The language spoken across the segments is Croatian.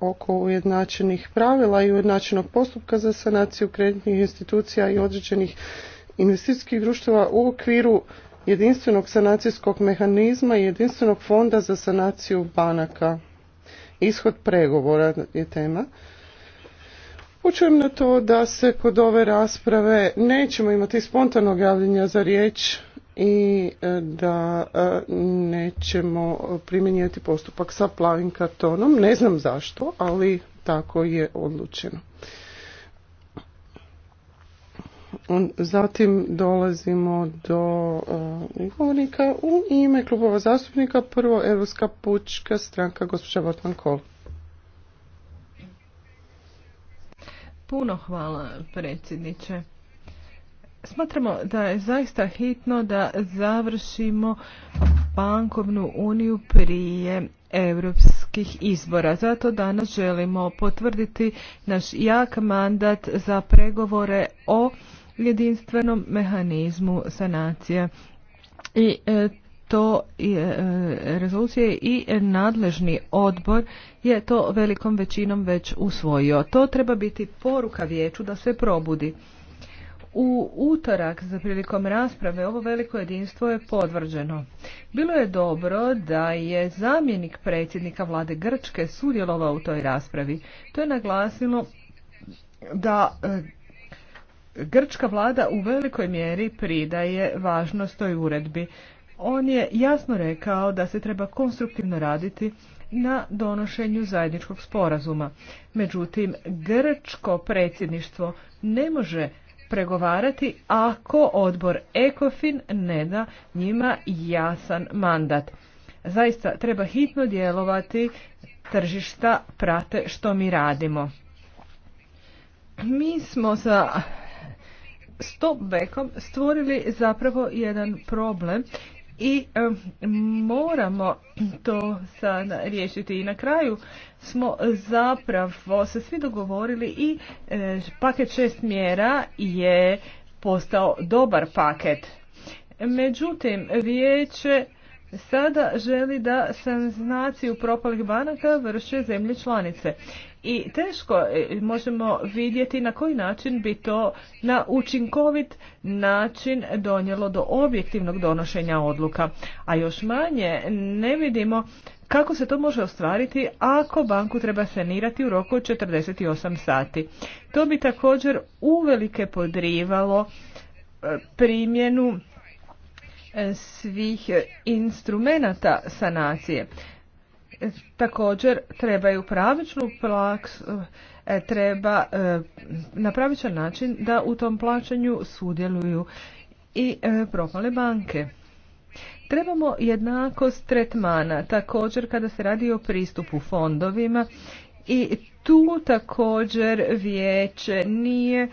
oko ujednačenih pravila i ujednačenog postupka za sanaciju kreditnih institucija i određenih investicijskih društava u okviru jedinstvenog sanacijskog mehanizma i jedinstvenog fonda za sanaciju banaka. Ishod pregovora je tema. Učujem na to da se kod ove rasprave nećemo imati spontanog javljenja za riječ, i e, da e, nećemo primjenjivati postupak sa plavim kartonom. Ne znam zašto, ali tako je odlučeno. Zatim dolazimo do e, govornika u ime klubova zastupnika. Prvo, Evropska pučka stranka, gospođa Vortman Kol. Puno hvala, predsjedniče. Smatramo da je zaista hitno da završimo bankovnu uniju prije europskih izbora. Zato danas želimo potvrditi naš jak mandat za pregovore o jedinstvenom mehanizmu sanacije. I e, to je e, rezolucije i nadležni odbor je to velikom većinom već usvojio. To treba biti poruka vijeću da se probudi. U utorak za prilikom rasprave ovo veliko jedinstvo je podvrđeno. Bilo je dobro da je zamjenik predsjednika vlade Grčke sudjelovao u toj raspravi. To je naglasilo da e, grčka vlada u velikoj mjeri pridaje važnost toj uredbi. On je jasno rekao da se treba konstruktivno raditi na donošenju zajedničkog sporazuma. Međutim, grčko predsjedništvo ne može pregovarati ako odbor ECOFIN ne da njima jasan mandat. Zaista treba hitno djelovati, tržišta prate što mi radimo. Mi smo sa stopbackom stvorili zapravo jedan problem i moramo to sada riješiti. I na kraju smo zapravo se svi dogovorili i e, paket šest mjera je postao dobar paket. Međutim, vijeće sada želi da sanaciju propalih banaka vrše zemlje članice i teško e, možemo vidjeti na koji način bi to na učinkovit način donijelo do objektivnog donošenja odluka. A još manje ne vidimo kako se to može ostvariti ako banku treba sanirati u roku od 48 sati. To bi također uvelike podrivalo e, primjenu e, svih instrumenata sanacije. E, također trebaju pravičnu plaks, e, treba e, na pravičan način da u tom plaćanju sudjeluju i propale banke. Trebamo jednakost tretmana također kada se radi o pristupu fondovima i tu također vijeće nije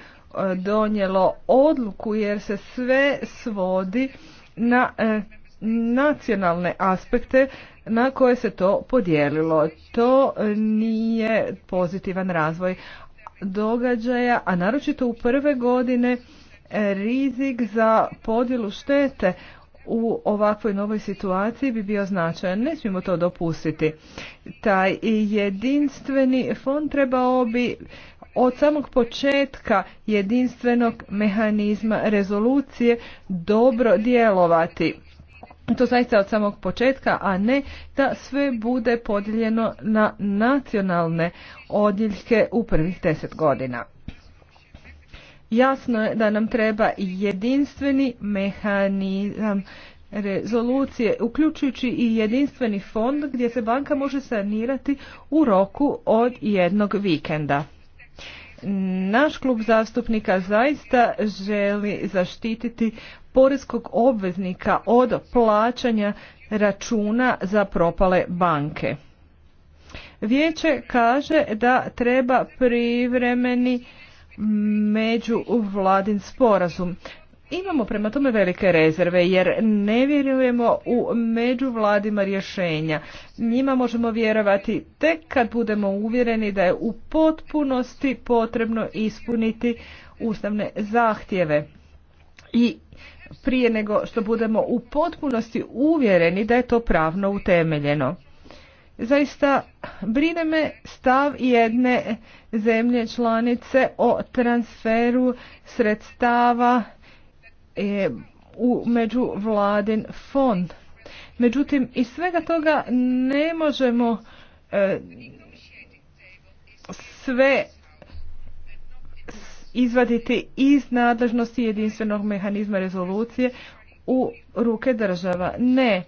donijelo odluku jer se sve svodi na nacionalne aspekte na koje se to podijelilo. To nije pozitivan razvoj događaja, a naročito u prve godine e, rizik za podjelu štete u ovakvoj novoj situaciji bi bio značajan. Ne smijemo to dopustiti. Taj jedinstveni fond trebao bi od samog početka jedinstvenog mehanizma rezolucije dobro djelovati to zaista od samog početka, a ne da sve bude podijeljeno na nacionalne odjeljke u prvih deset godina. Jasno je da nam treba jedinstveni mehanizam rezolucije, uključujući i jedinstveni fond gdje se banka može sanirati u roku od jednog vikenda. Naš klub zastupnika zaista želi zaštititi poreskog obveznika od plaćanja računa za propale banke. Vijeće kaže da treba privremeni međuvladin sporazum. Imamo prema tome velike rezerve jer ne vjerujemo u vladima rješenja. Njima možemo vjerovati tek kad budemo uvjereni da je u potpunosti potrebno ispuniti ustavne zahtjeve. I prije nego što budemo u potpunosti uvjereni da je to pravno utemeljeno. Zaista brine me stav jedne zemlje članice o transferu sredstava e, u međuvladin fond. Međutim, iz svega toga ne možemo e, sve izvaditi iz nadležnosti jedinstvenog mehanizma rezolucije u ruke država. Ne.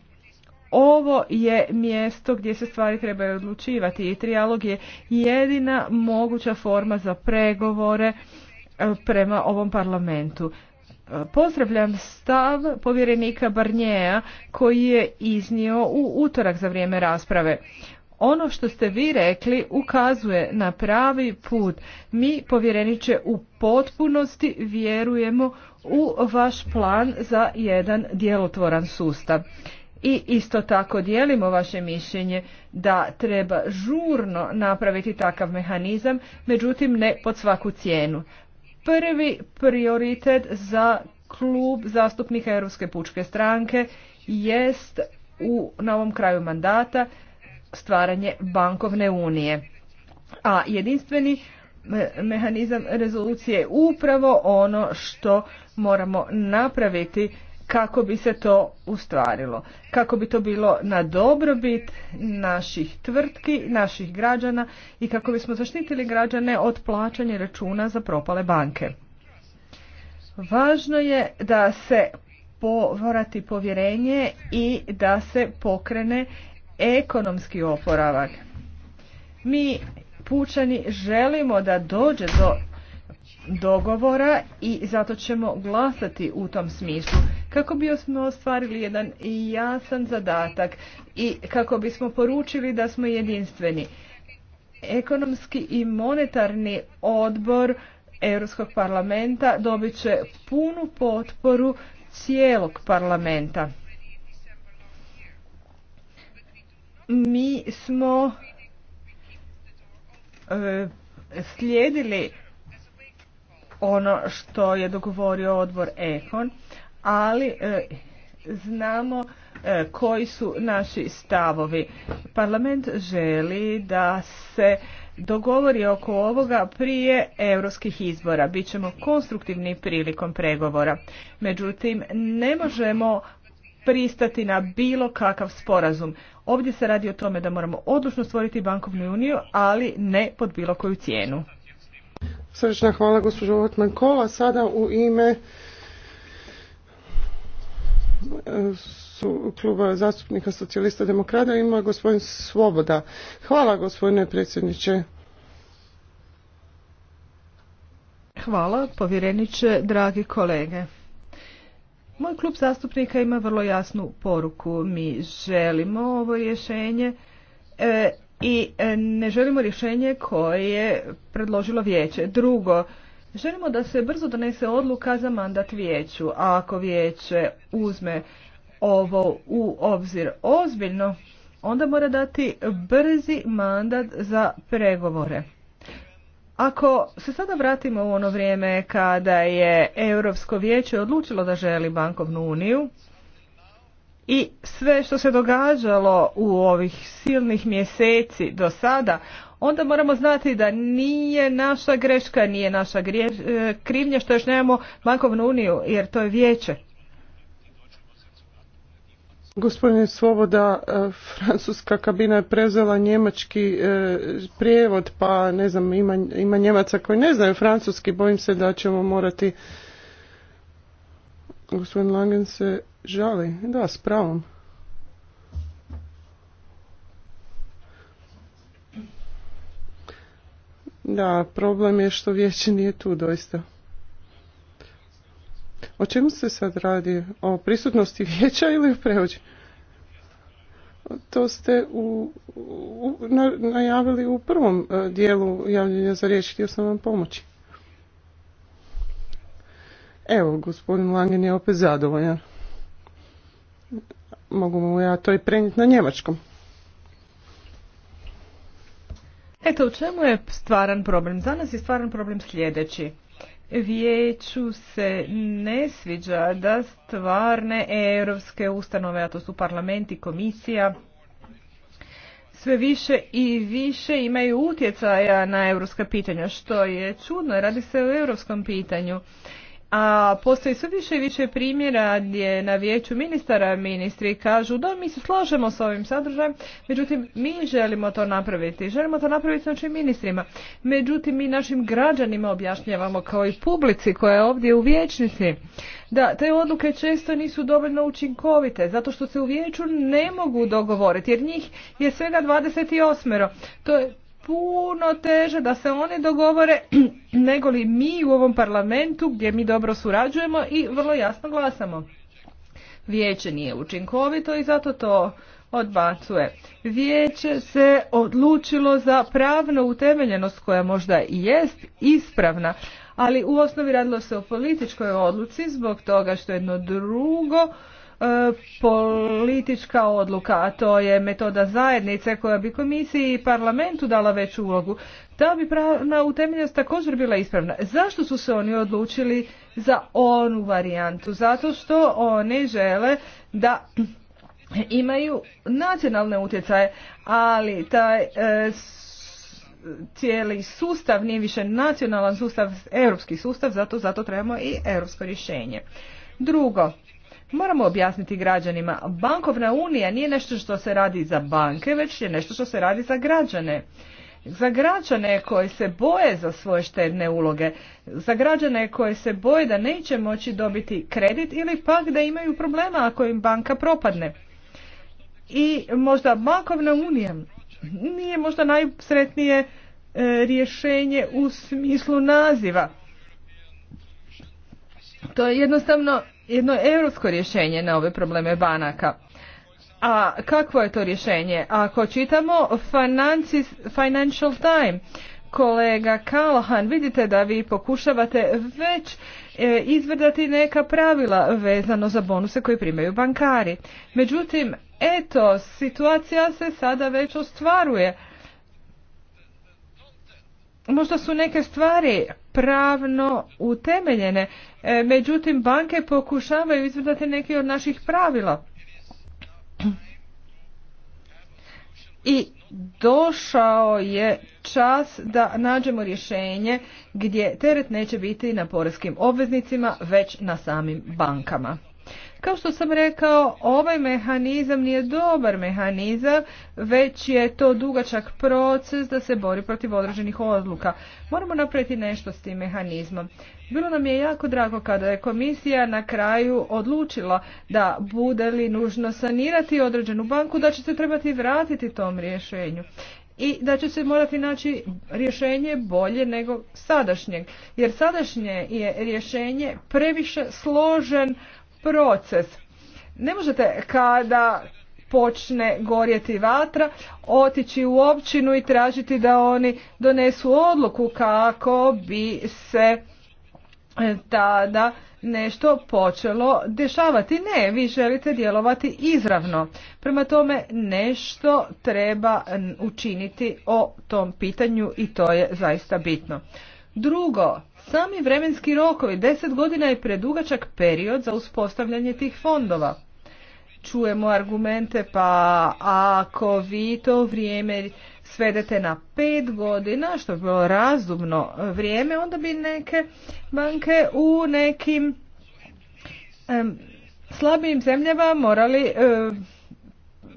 Ovo je mjesto gdje se stvari trebaju odlučivati i trijalog je jedina moguća forma za pregovore e, prema ovom parlamentu. Pozdravljam stav povjerenika Barnjeja koji je iznio u utorak za vrijeme rasprave. Ono što ste vi rekli ukazuje na pravi put. Mi, povjereniče, u potpunosti vjerujemo u vaš plan za jedan djelotvoran sustav. I isto tako dijelimo vaše mišljenje da treba žurno napraviti takav mehanizam, međutim ne pod svaku cijenu prvi prioritet za klub zastupnika Europske pučke stranke jest u, novom kraju mandata stvaranje bankovne unije. A jedinstveni mehanizam rezolucije je upravo ono što moramo napraviti kako bi se to ustvarilo, kako bi to bilo na dobrobit naših tvrtki, naših građana i kako bismo zaštitili građane od plaćanja računa za propale banke. Važno je da se povrati povjerenje i da se pokrene ekonomski oporavak. Mi pučani želimo da dođe do dogovora i zato ćemo glasati u tom smislu kako bismo ostvarili jedan jasan zadatak i kako bismo poručili da smo jedinstveni. Ekonomski i monetarni odbor Europskog parlamenta dobit će punu potporu cijelog parlamenta. Mi smo e, slijedili ono što je dogovorio odbor ehon ali e, znamo e, koji su naši stavovi. Parlament želi da se dogovori oko ovoga prije europskih izbora. Bićemo konstruktivni prilikom pregovora. Međutim, ne možemo pristati na bilo kakav sporazum. Ovdje se radi o tome da moramo odlučno stvoriti bankovnu uniju, ali ne pod bilo koju cijenu. Srećna hvala gospođo Otman Kola. Sada u ime su kluba zastupnika socijalista demokrata ima gospodin Svoboda. Hvala gospodine predsjedniče. Hvala povjereniče, dragi kolege. Moj klub zastupnika ima vrlo jasnu poruku. Mi želimo ovo rješenje e, i e, ne želimo rješenje koje je predložilo vijeće. Drugo, Želimo da se brzo donese odluka za mandat vijeću, a ako vijeće uzme ovo u obzir ozbiljno, onda mora dati brzi mandat za pregovore. Ako se sada vratimo u ono vrijeme kada je Europsko vijeće odlučilo da želi bankovnu uniju i sve što se događalo u ovih silnih mjeseci do sada, onda moramo znati da nije naša greška, nije naša e, krivnja što još nemamo bankovnu uniju, jer to je vijeće. Gospodine Svoboda, e, francuska kabina je prezela njemački e, prijevod, pa ne znam, ima, ima njemaca koji ne znaju francuski, bojim se da ćemo morati... Gospodin Langen se žali, da, s pravom. Da, problem je što vijeće nije tu doista. O čemu se sad radi? O prisutnosti vijeća ili o prevođenju? To ste u, u, najavili u prvom e, dijelu javljanja za riječ. Htio sam vam pomoći. Evo, gospodin Langen je opet zadovoljan. Mogu mu ja to i prenijeti na njemačkom. Eto, u čemu je stvaran problem? Za nas je stvaran problem sljedeći. Vijeću se ne sviđa da stvarne europske ustanove, a to su parlament i komisija, sve više i više imaju utjecaja na europska pitanja, što je čudno, radi se o europskom pitanju a postoji sve više i više primjera gdje na vijeću ministara ministri kažu da mi se slažemo s ovim sadržajem, međutim mi želimo to napraviti. Želimo to napraviti s našim ministrima. Međutim mi našim građanima objašnjavamo kao i publici koja je ovdje u vijećnici da te odluke često nisu dovoljno učinkovite zato što se u vijeću ne mogu dogovoriti jer njih je svega 28. To je puno teže da se oni dogovore nego li mi u ovom parlamentu gdje mi dobro surađujemo i vrlo jasno glasamo. Vijeće nije učinkovito i zato to odbacuje. Vijeće se odlučilo za pravnu utemeljenost koja možda i jest ispravna, ali u osnovi radilo se o političkoj odluci zbog toga što jedno drugo E, politička odluka, a to je metoda zajednice koja bi komisiji i parlamentu dala veću ulogu. Ta bi pravna utemeljenost također bila ispravna. Zašto su se oni odlučili za onu varijantu? Zato što oni žele da imaju nacionalne utjecaje, ali taj e, cijeli sustav nije više nacionalan sustav, europski sustav, zato zato trebamo i europsko rješenje. Drugo, Moramo objasniti građanima, bankovna unija nije nešto što se radi za banke, već je nešto što se radi za građane. Za građane koji se boje za svoje štedne uloge, za građane koji se boje da neće moći dobiti kredit ili pak da imaju problema ako im banka propadne. I možda bankovna unija nije možda najsretnije e, rješenje u smislu naziva. To je jednostavno jedno europsko rješenje na ove probleme banaka. A kakvo je to rješenje? Ako čitamo Financial Time, kolega Callahan, vidite da vi pokušavate već e, izvrdati neka pravila vezano za bonuse koje primaju bankari. Međutim, eto, situacija se sada već ostvaruje. Možda su neke stvari pravno utemeljene. E, međutim, banke pokušavaju izvrdati neke od naših pravila. I došao je čas da nađemo rješenje gdje teret neće biti na porezkim obveznicima, već na samim bankama. Kao što sam rekao, ovaj mehanizam nije dobar mehanizam, već je to dugačak proces da se bori protiv određenih odluka. Moramo napraviti nešto s tim mehanizmom. Bilo nam je jako drago kada je komisija na kraju odlučila da bude li nužno sanirati određenu banku, da će se trebati vratiti tom rješenju i da će se morati naći rješenje bolje nego sadašnjeg. Jer sadašnje je rješenje previše složen proces. Ne možete kada počne gorjeti vatra, otići u općinu i tražiti da oni donesu odluku kako bi se e, tada nešto počelo dešavati. Ne, vi želite djelovati izravno. Prema tome nešto treba učiniti o tom pitanju i to je zaista bitno. Drugo, Sami vremenski rokovi, deset godina je predugačak period za uspostavljanje tih fondova. Čujemo argumente pa ako vi to vrijeme svedete na pet godina, što bi bilo razumno vrijeme, onda bi neke banke u nekim slabim slabijim zemljama morali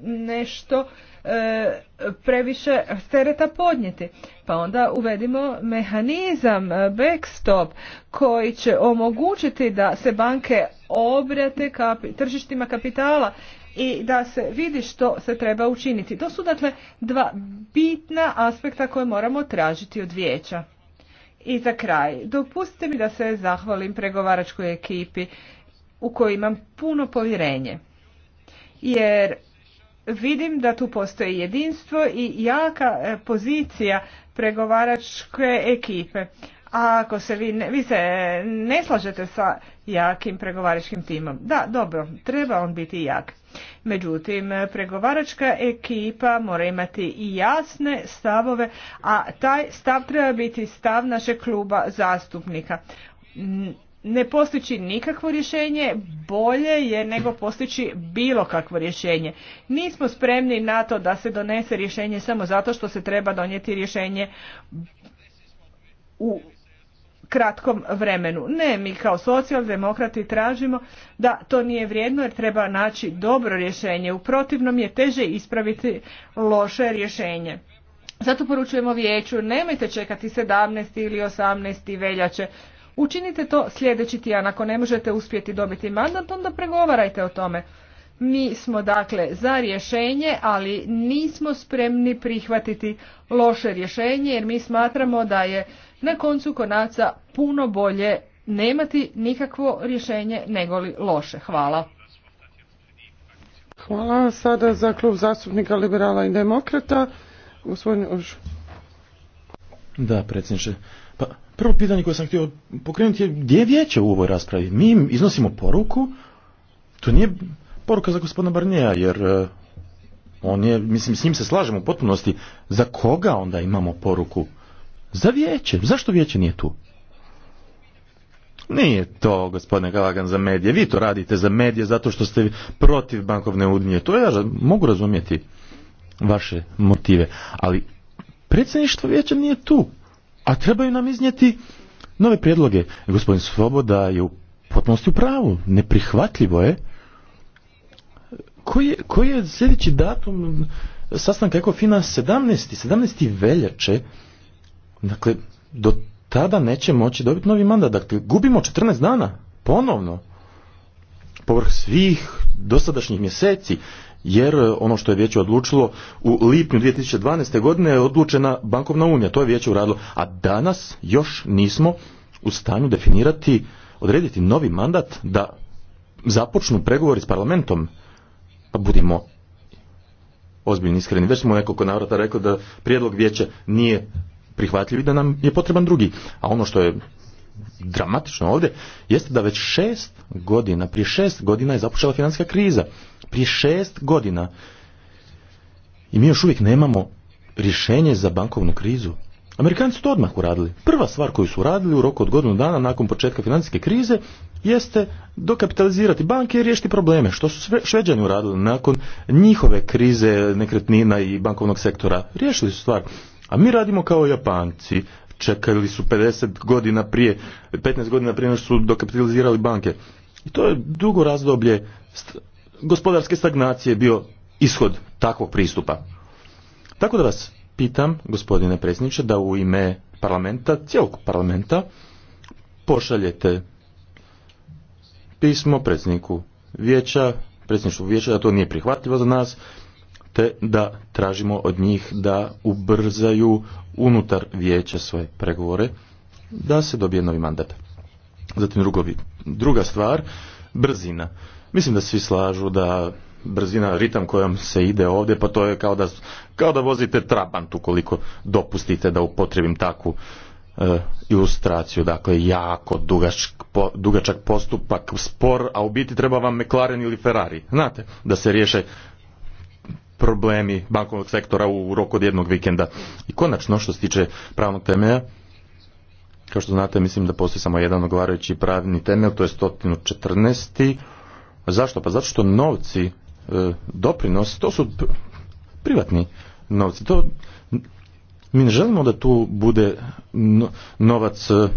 nešto E, previše tereta podnijeti. Pa onda uvedimo mehanizam e, backstop koji će omogućiti da se banke obrate kapi, tržištima kapitala i da se vidi što se treba učiniti. To su dakle dva bitna aspekta koje moramo tražiti od vijeća. I za kraj, dopustite mi da se zahvalim pregovaračkoj ekipi u kojoj imam puno povjerenje. Jer Vidim da tu postoji jedinstvo i jaka e, pozicija pregovaračke ekipe. A ako se vi, ne, vi se e, ne slažete sa jakim pregovaračkim timom, da, dobro, treba on biti jak. Međutim, pregovaračka ekipa mora imati i jasne stavove, a taj stav treba biti stav našeg kluba zastupnika ne postići nikakvo rješenje bolje je nego postići bilo kakvo rješenje. Nismo spremni na to da se donese rješenje samo zato što se treba donijeti rješenje u kratkom vremenu. Ne, mi kao socijaldemokrati tražimo da to nije vrijedno jer treba naći dobro rješenje. U protivnom je teže ispraviti loše rješenje. Zato poručujemo vijeću, nemojte čekati 17. ili 18. veljače. Učinite to sljedeći tijan. Ako ne možete uspjeti dobiti mandat, onda pregovarajte o tome. Mi smo dakle za rješenje, ali nismo spremni prihvatiti loše rješenje jer mi smatramo da je na koncu konaca puno bolje nemati nikakvo rješenje negoli loše. Hvala. Hvala. Sada za klub zastupnika liberala i demokrata. Da, predsjedniče. Pa, Prvo pitanje koje sam htio pokrenuti je gdje je vijeće u ovoj raspravi? Mi iznosimo poruku, to nije poruka za gospodina Barnija, jer e, on je, mislim, s njim se slažemo u potpunosti. Za koga onda imamo poruku? Za vijeće. Zašto vijeće nije tu? Nije to, gospodine Galagan, za medije. Vi to radite za medije zato što ste protiv bankovne unije. To ja mogu razumjeti vaše motive. Ali predsjedništvo vijeća nije tu a trebaju nam iznijeti nove prijedloge. Gospodin Svoboda je u potpunosti u pravu. Neprihvatljivo je. Koji je, koji je sljedeći datum sastanka FINA 17. 17. veljače? Dakle, do tada neće moći dobiti novi mandat. Dakle, gubimo 14 dana. Ponovno. Povrh svih dosadašnjih mjeseci jer e, ono što je vijeće odlučilo u lipnju 2012. godine je odlučena bankovna unija, to je vijeće uradilo, a danas još nismo u stanju definirati, odrediti novi mandat da započnu pregovori s parlamentom, pa budimo ozbiljni iskreni. Već smo nekoliko navrata rekli da prijedlog vijeća nije prihvatljiv i da nam je potreban drugi. A ono što je dramatično ovdje jeste da već šest godina, prije šest godina je započela financijska kriza prije šest godina. I mi još uvijek nemamo rješenje za bankovnu krizu. Amerikanci su to odmah uradili. Prva stvar koju su radili u roku od godinu dana nakon početka financijske krize jeste dokapitalizirati banke i riješiti probleme. Što su šveđani uradili nakon njihove krize nekretnina i bankovnog sektora? Riješili su stvar. A mi radimo kao Japanci. Čekali su 50 godina prije, 15 godina prije što su dokapitalizirali banke. I to je dugo razdoblje gospodarske stagnacije bio ishod takvog pristupa. Tako da vas pitam, gospodine predsjedniče, da u ime parlamenta, cijelog parlamenta, pošaljete pismo predsjedniku vijeća, predsjedniku vijeća da to nije prihvatljivo za nas, te da tražimo od njih da ubrzaju unutar vijeća svoje pregovore, da se dobije novi mandat. Zatim drugovi druga stvar, brzina. Mislim da svi slažu da brzina, ritam kojom se ide ovdje, pa to je kao da, kao da vozite trabant ukoliko dopustite da upotrebim takvu e, ilustraciju. Dakle, jako dugačak postupak, spor, a u biti treba vam McLaren ili Ferrari. Znate, da se riješe problemi bankovnog sektora u roku od jednog vikenda. I konačno, što se tiče pravnog temelja, kao što znate, mislim da postoji samo jedan odgovarajući pravni temelj, to je 114 Zašto? Pa zato što novci, e, doprinosi to su privatni novci. To, mi ne želimo da tu bude novac e,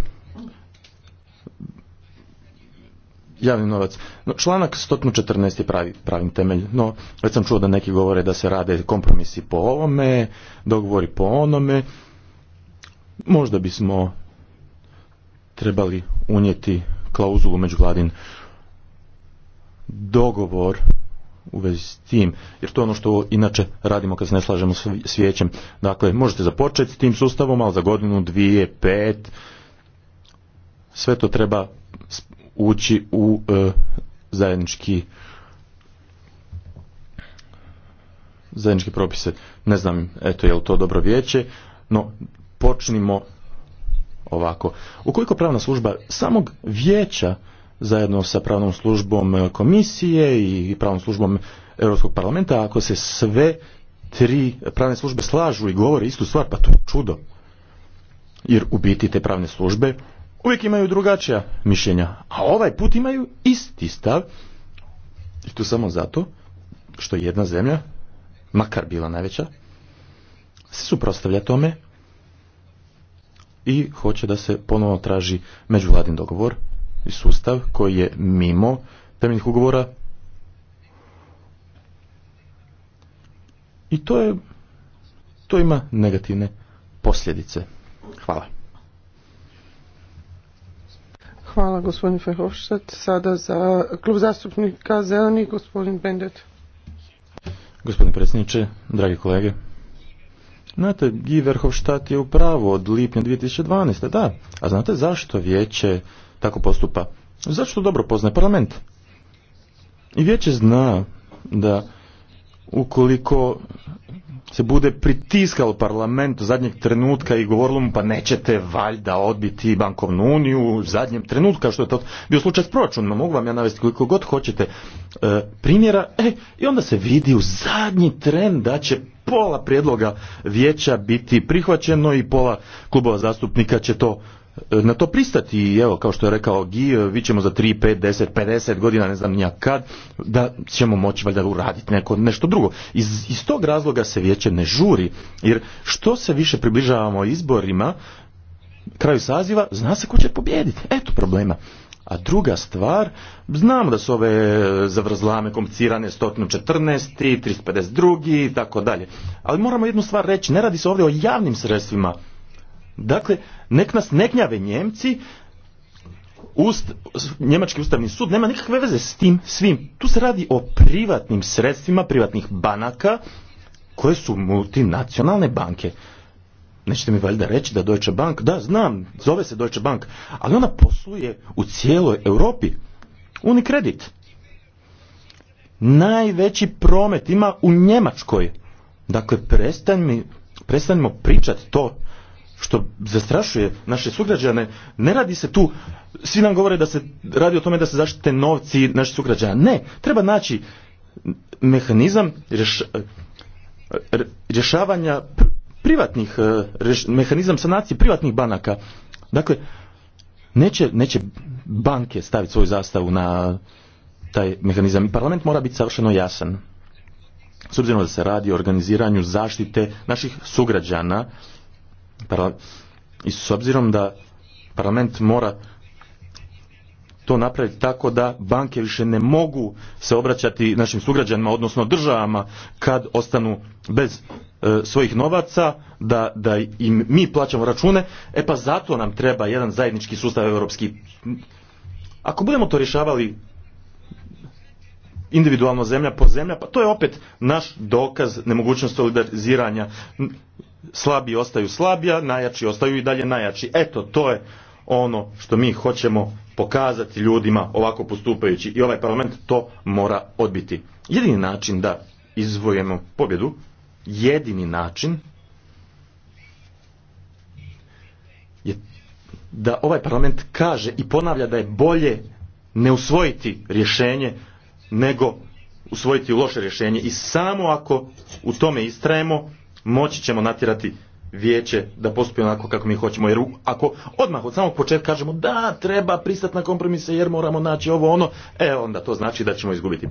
javni novac. No, članak 114 je pravi, pravim temelj, no već sam čuo da neki govore da se rade kompromisi po ovome, dogovori po onome. Možda bismo trebali unijeti klauzulu među Vladin dogovor u vezi s tim, jer to je ono što inače radimo kad se ne slažemo s vijećem. Dakle, možete započeti s tim sustavom, ali za godinu, dvije, pet, sve to treba ući u e, zajednički propise. Ne znam, eto, je li to dobro vijeće, no počnimo ovako. Ukoliko pravna služba samog vijeća zajedno sa pravnom službom e, komisije i pravnom službom Europskog parlamenta, ako se sve tri pravne službe slažu i govore istu stvar, pa to je čudo. Jer u biti te pravne službe uvijek imaju drugačija mišljenja, a ovaj put imaju isti stav. I to samo zato što jedna zemlja, makar bila najveća, se suprotstavlja tome i hoće da se ponovno traži međuvladin dogovor i sustav koji je mimo temeljnih ugovora i to je to ima negativne posljedice. Hvala. Hvala gospodin Sada za klub zastupnika Zeleni gospodin Bendet. Gospodine predsjedniče, dragi kolege. Znate, Guy je u pravu od lipnja 2012. Da, a znate zašto vijeće tako postupa. Zašto dobro poznaje parlament? I vijeće zna da ukoliko se bude pritiskalo parlament zadnjeg trenutka i govorilo mu pa nećete valjda odbiti bankovnu uniju u zadnjem trenutku što je to bio slučaj s proračunom, mogu vam ja navesti koliko god hoćete e, primjera, e, i onda se vidi u zadnji tren da će pola prijedloga vijeća biti prihvaćeno i pola klubova zastupnika će to E, na to pristati evo kao što je rekao Gi, e, vi ćemo za 3, 5, 10, 50 godina, ne znam nijak kad, da ćemo moći valjda uraditi neko, nešto drugo. Iz, iz tog razloga se vijeće ne žuri, jer što se više približavamo izborima, kraju saziva, zna se ko će pobijediti. Eto problema. A druga stvar, znamo da su ove e, zavrzlame komplicirane 114, 352 i tako dalje. Ali moramo jednu stvar reći, ne radi se ovdje o javnim sredstvima, Dakle, nek nas ne gnjave Njemci, njemački ustavni sud nema nikakve veze s tim svim. Tu se radi o privatnim sredstvima privatnih banaka koje su multinacionalne banke. Nećete mi valjda reći da Deutsche Bank, da znam, zove se Deutsche Bank, ali ona posluje u cijeloj Europi. Unikredit. Najveći promet ima u Njemačkoj. Dakle, prestanimo pričati to što zastrašuje naše sugrađane. Ne radi se tu, svi nam govore da se radi o tome da se zaštite novci naših sugrađana. Ne, treba naći mehanizam rješavanja privatnih, e, mehanizam sanacije privatnih banaka. Dakle, neće, neće banke staviti svoju zastavu na taj mehanizam. Parlament mora biti savršeno jasan. S obzirom da se radi o organiziranju zaštite naših sugrađana, i s obzirom da parlament mora to napraviti tako da banke više ne mogu se obraćati našim sugrađanima, odnosno državama kad ostanu bez e, svojih novaca, da, da im mi plaćamo račune, e pa zato nam treba jedan zajednički sustav europski. Ako budemo to rješavali individualno zemlja po zemlja, pa to je opet naš dokaz nemogućnost solidariziranja slabi ostaju slabija, najjači ostaju i dalje najjači. Eto, to je ono što mi hoćemo pokazati ljudima ovako postupajući i ovaj parlament to mora odbiti. Jedini način da izvojemo pobjedu, jedini način je da ovaj parlament kaže i ponavlja da je bolje ne usvojiti rješenje nego usvojiti loše rješenje i samo ako u tome istrajemo moći ćemo natjerati vijeće da postupi onako kako mi hoćemo. Jer ako odmah od samog početka kažemo da treba pristati na kompromise jer moramo naći ovo ono, e onda to znači da ćemo izgubiti.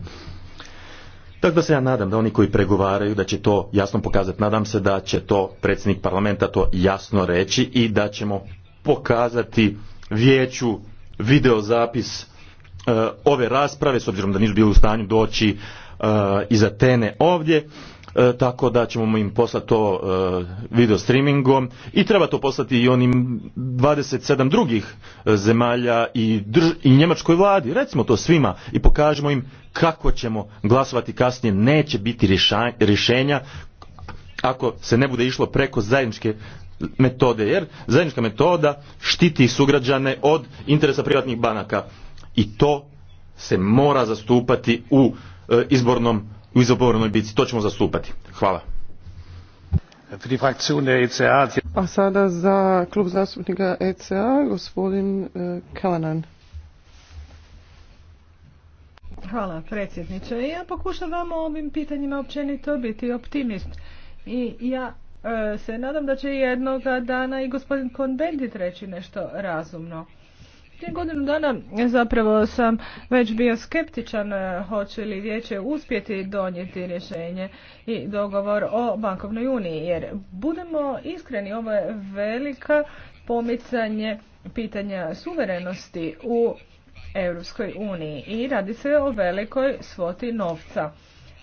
Tako da se ja nadam da oni koji pregovaraju da će to jasno pokazati. Nadam se da će to predsjednik parlamenta to jasno reći i da ćemo pokazati vijeću videozapis zapis e, ove rasprave s obzirom da nisu bili u stanju doći e, iz Atene ovdje. E, tako da ćemo im poslati to e, video streamingom i treba to poslati i onim 27 drugih e, zemalja i, i njemačkoj vladi. Recimo to svima i pokažemo im kako ćemo glasovati kasnije. Neće biti rješenja ako se ne bude išlo preko zajedničke metode, jer zajednička metoda štiti sugrađane od interesa privatnih banaka i to se mora zastupati u izbornom u izobornoj bitci. To ćemo zastupati. Hvala. E A sada za klub zastupnika ECA gospodin e, Kalanan. Hvala predsjedniče. Ja pokušavam ovim pitanjima općenito biti optimist. I ja e, se nadam da će jednoga dana i gospodin Konbendit reći nešto razumno. Prije godinu dana zapravo sam već bio skeptičan e, hoće li vijeće uspjeti donijeti rješenje i dogovor o bankovnoj uniji. Jer budemo iskreni, ovo je velika pomicanje pitanja suverenosti u Europskoj uniji i radi se o velikoj svoti novca.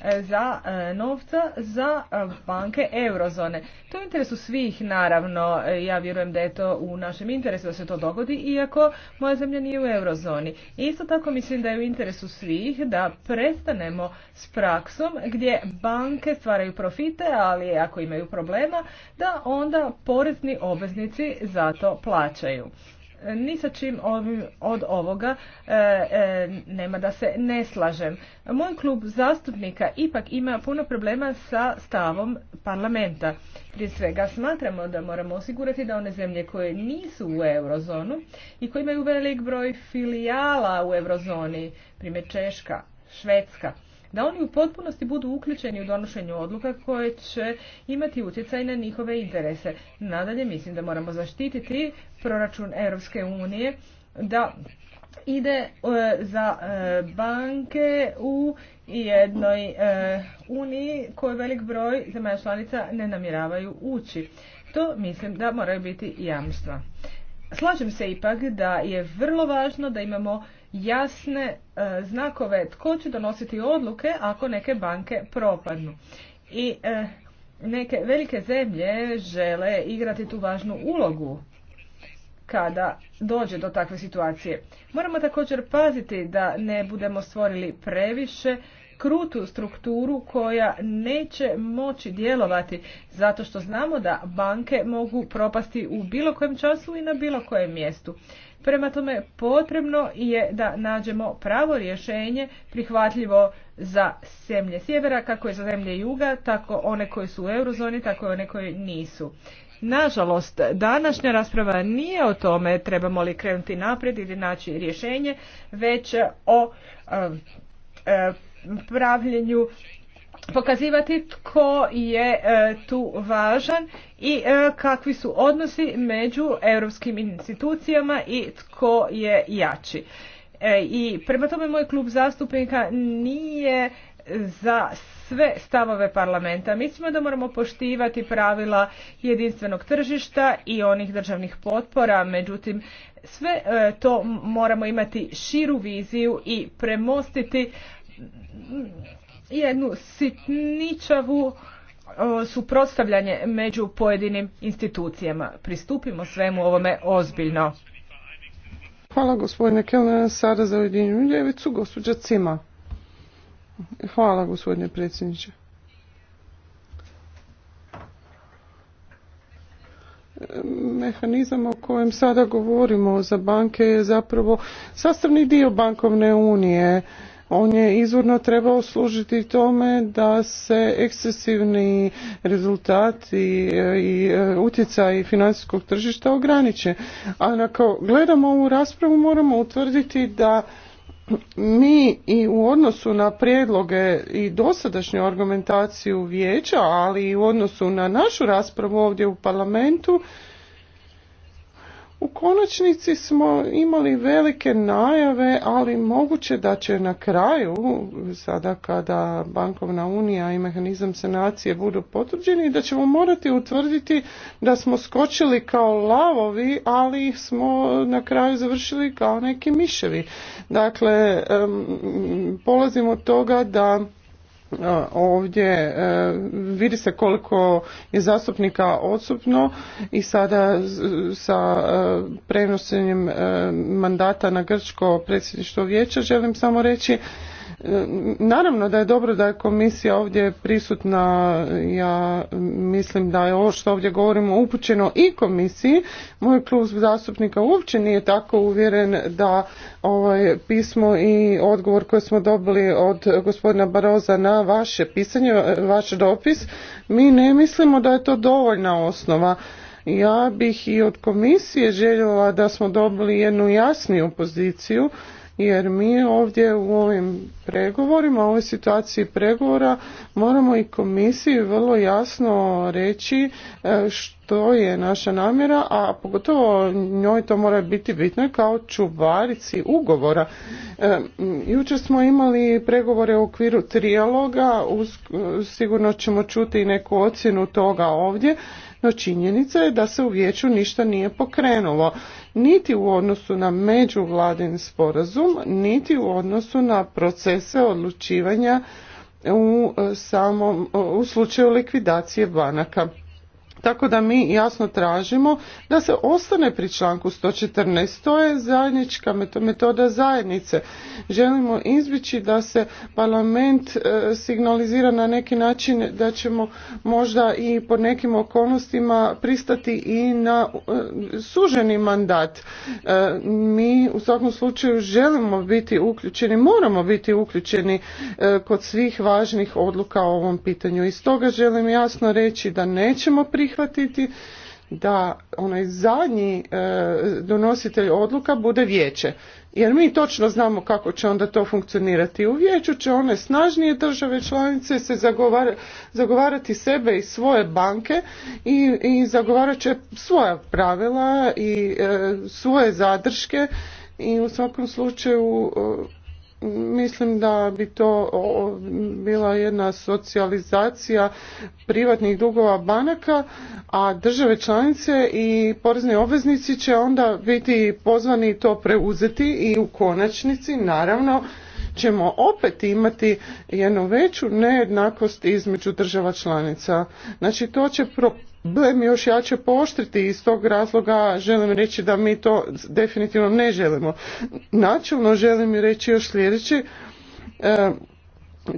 E, za e, novca za e, banke eurozone. To je u interesu svih, naravno. Ja vjerujem da je to u našem interesu da se to dogodi, iako moja zemlja nije u eurozoni. Isto tako mislim da je u interesu svih da prestanemo s praksom gdje banke stvaraju profite, ali ako imaju problema, da onda porezni obveznici za to plaćaju ni sa čim od ovoga e, e, nema da se ne slažem. Moj klub zastupnika ipak ima puno problema sa stavom parlamenta. Prije svega smatramo da moramo osigurati da one zemlje koje nisu u eurozonu i koje imaju velik broj filijala u eurozoni, primjer Češka, Švedska, da oni u potpunosti budu uključeni u donošenju odluka koje će imati utjecaj na njihove interese. Nadalje mislim da moramo zaštititi proračun Europske unije da ide e, za e, banke u jednoj e, uniji koju velik broj zemalja članica ne namjeravaju ući. To mislim da moraju biti jamstva. Slažem se ipak da je vrlo važno da imamo jasne e, znakove tko će donositi odluke ako neke banke propadnu. I e, neke velike zemlje žele igrati tu važnu ulogu kada dođe do takve situacije. Moramo također paziti da ne budemo stvorili previše krutu strukturu koja neće moći djelovati zato što znamo da banke mogu propasti u bilo kojem času i na bilo kojem mjestu. Prema tome, potrebno je da nađemo pravo rješenje prihvatljivo za zemlje sjevera, kako je za zemlje juga, tako one koje su u eurozoni, tako i one koje nisu. Nažalost, današnja rasprava nije o tome trebamo li krenuti naprijed ili naći rješenje, već o e, e, pravljenju pokazivati tko je e, tu važan i e, kakvi su odnosi među europskim institucijama i tko je jači. E, I prema tome moj klub zastupnika nije za sve stavove parlamenta. Mislimo da moramo poštivati pravila jedinstvenog tržišta i onih državnih potpora, međutim sve to moramo imati širu viziju i premostiti jednu sitničavu e, suprotstavljanje među pojedinim institucijama. Pristupimo svemu ovome ozbiljno. Hvala gospodine Kelner, sada za Ujedinjenu ljevicu, gospođa Cima. Hvala gospodine predsjedniče. mehanizam o kojem sada govorimo za banke je zapravo sastavni dio bankovne unije on je izvorno trebao služiti tome da se ekscesivni rezultati e, i e, utjecaj financijskog tržišta ograniče. A ako gledamo ovu raspravu moramo utvrditi da mi i u odnosu na prijedloge i dosadašnju argumentaciju vijeća, ali i u odnosu na našu raspravu ovdje u parlamentu, u konačnici smo imali velike najave, ali moguće da će na kraju, sada kada bankovna unija i mehanizam sanacije budu potvrđeni, da ćemo morati utvrditi da smo skočili kao lavovi, ali smo na kraju završili kao neki miševi. Dakle, polazimo od toga da ovdje e, vidi se koliko je zastupnika odsupno i sada sa e, prenošenjem e, mandata na grčko predsjedništvo vijeća želim samo reći Naravno da je dobro da je komisija ovdje prisutna, ja mislim da je ovo što ovdje govorimo upućeno i komisiji. Moj klub zastupnika uopće nije tako uvjeren da ovaj pismo i odgovor koje smo dobili od gospodina Baroza na vaše pisanje, vaš dopis, mi ne mislimo da je to dovoljna osnova. Ja bih i od komisije željela da smo dobili jednu jasniju poziciju jer mi ovdje u ovim pregovorima, u ovoj situaciji pregovora moramo i komisiji vrlo jasno reći e, što je naša namjera, a pogotovo njoj to mora biti bitno kao čuvarici ugovora. E, jučer smo imali pregovore u okviru trijaloga, sigurno ćemo čuti i neku ocjenu toga ovdje, no činjenica je da se u vijeću ništa nije pokrenulo niti u odnosu na međuvladin sporazum, niti u odnosu na procese odlučivanja u, e, u slučaju likvidacije banaka. Tako da mi jasno tražimo da se ostane pri članku 114. To je zajednička metoda zajednice. Želimo izbjeći da se parlament e, signalizira na neki način da ćemo možda i po nekim okolnostima pristati i na e, suženi mandat. E, mi u svakom slučaju želimo biti uključeni, moramo biti uključeni kod svih važnih odluka o ovom pitanju. I stoga želim jasno reći da nećemo prihvatiti prihvatiti da onaj zadnji e, donositelj odluka bude vijeće. Jer mi točno znamo kako će onda to funkcionirati. U vijeću će one snažnije države članice se zagovarati sebe i svoje banke i, i zagovarat će svoja pravila i e, svoje zadrške i u svakom slučaju e, Mislim da bi to bila jedna socijalizacija privatnih dugova banaka, a države članice i porezni obveznici će onda biti pozvani to preuzeti i u konačnici naravno ćemo opet imati jednu veću nejednakost između država članica. Znači to će problem još jače poštriti i iz tog razloga želim reći da mi to definitivno ne želimo. Načelno želim reći još sljedeće, e,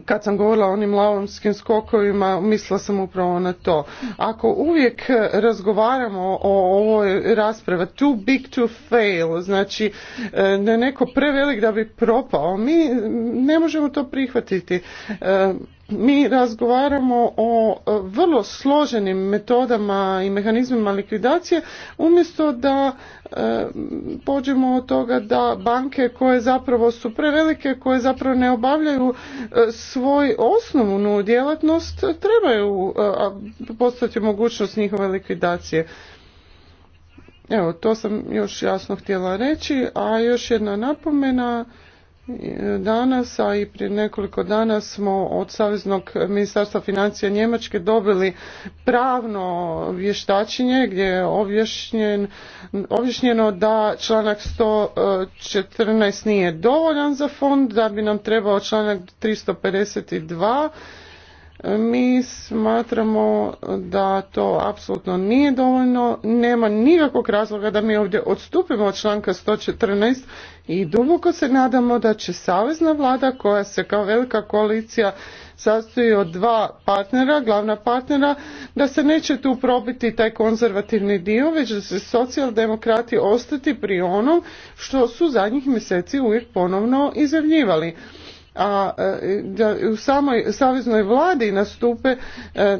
kad sam govorila o onim lavomskim skokovima, mislila sam upravo na to. Ako uvijek razgovaramo o ovoj raspravi, too big to fail, znači e, da je neko prevelik da bi propao, mi ne možemo to prihvatiti. E, mi razgovaramo o e, vrlo složenim metodama i mehanizmima likvidacije umjesto da e, pođemo od toga da banke koje zapravo su prevelike, koje zapravo ne obavljaju e, svoj osnovnu djelatnost trebaju e, postati mogućnost njihove likvidacije. Evo, to sam još jasno htjela reći, a još jedna napomena danas, a i prije nekoliko dana smo od Saveznog ministarstva financija Njemačke dobili pravno vještačenje gdje je objašnjeno da članak 114 nije dovoljan za fond, da bi nam trebao članak 352 mi smatramo da to apsolutno nije dovoljno, nema nikakvog razloga da mi ovdje odstupimo od članka 114 i duboko se nadamo da će savezna vlada koja se kao velika koalicija sastoji od dva partnera, glavna partnera, da se neće tu probiti taj konzervativni dio, već da se socijaldemokrati ostati pri onom što su zadnjih mjeseci uvijek ponovno izjavljivali a e, da u samoj saveznoj vladi nastupe e,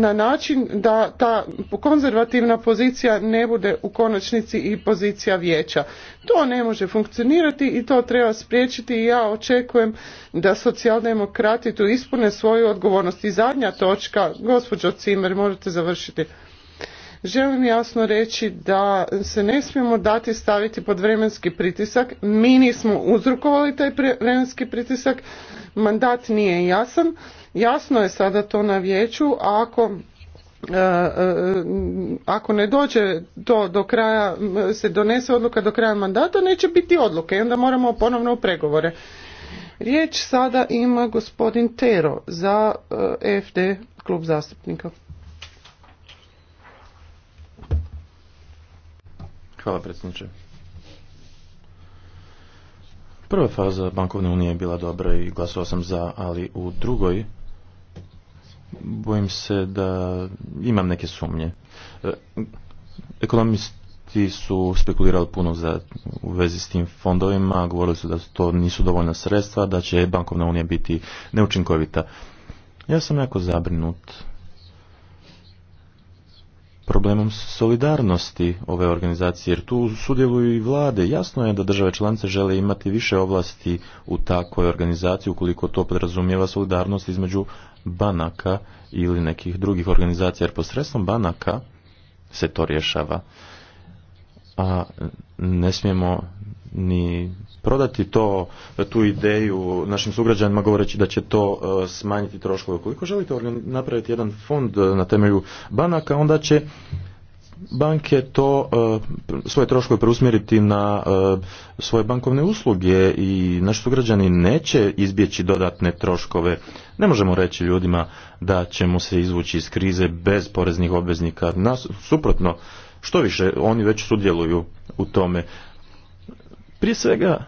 na način da ta konzervativna pozicija ne bude u konačnici i pozicija vijeća. To ne može funkcionirati i to treba spriječiti i ja očekujem da socijaldemokrati tu ispune svoju odgovornost. I zadnja točka, gospođo Cimer, možete završiti. Želim jasno reći da se ne smijemo dati staviti pod vremenski pritisak. Mi nismo uzrokovali taj vremenski pritisak. Mandat nije jasan. Jasno je sada to na vijeću, a ako e, e, ako ne dođe to do kraja, se donese odluka do kraja mandata, neće biti odluke i onda moramo ponovno u pregovore. Riječ sada ima gospodin Tero za e, FD klub zastupnika. Hvala predsjedniče. Prva faza bankovne unije je bila dobra i glasovao sam za, ali u drugoj bojim se da imam neke sumnje. E, ekonomisti su spekulirali puno za, u vezi s tim fondovima, govorili su da to nisu dovoljna sredstva, da će bankovna unija biti neučinkovita. Ja sam jako zabrinut problemom solidarnosti ove organizacije, jer tu sudjeluju i vlade. Jasno je da države članice žele imati više ovlasti u takvoj organizaciji, ukoliko to podrazumijeva solidarnost između banaka ili nekih drugih organizacija, jer posredstvom banaka se to rješava. A ne smijemo ni prodati to, tu ideju našim sugrađanima govoreći da će to e, smanjiti troškove. Koliko želite napraviti jedan fond e, na temelju banaka, onda će banke to e, svoje troškove preusmjeriti na svoje bankovne usluge i naši sugrađani neće izbjeći dodatne troškove. Ne možemo reći ljudima da ćemo se izvući iz krize bez poreznih obveznika. Nas, suprotno, što više, oni već sudjeluju u tome. Prije svega,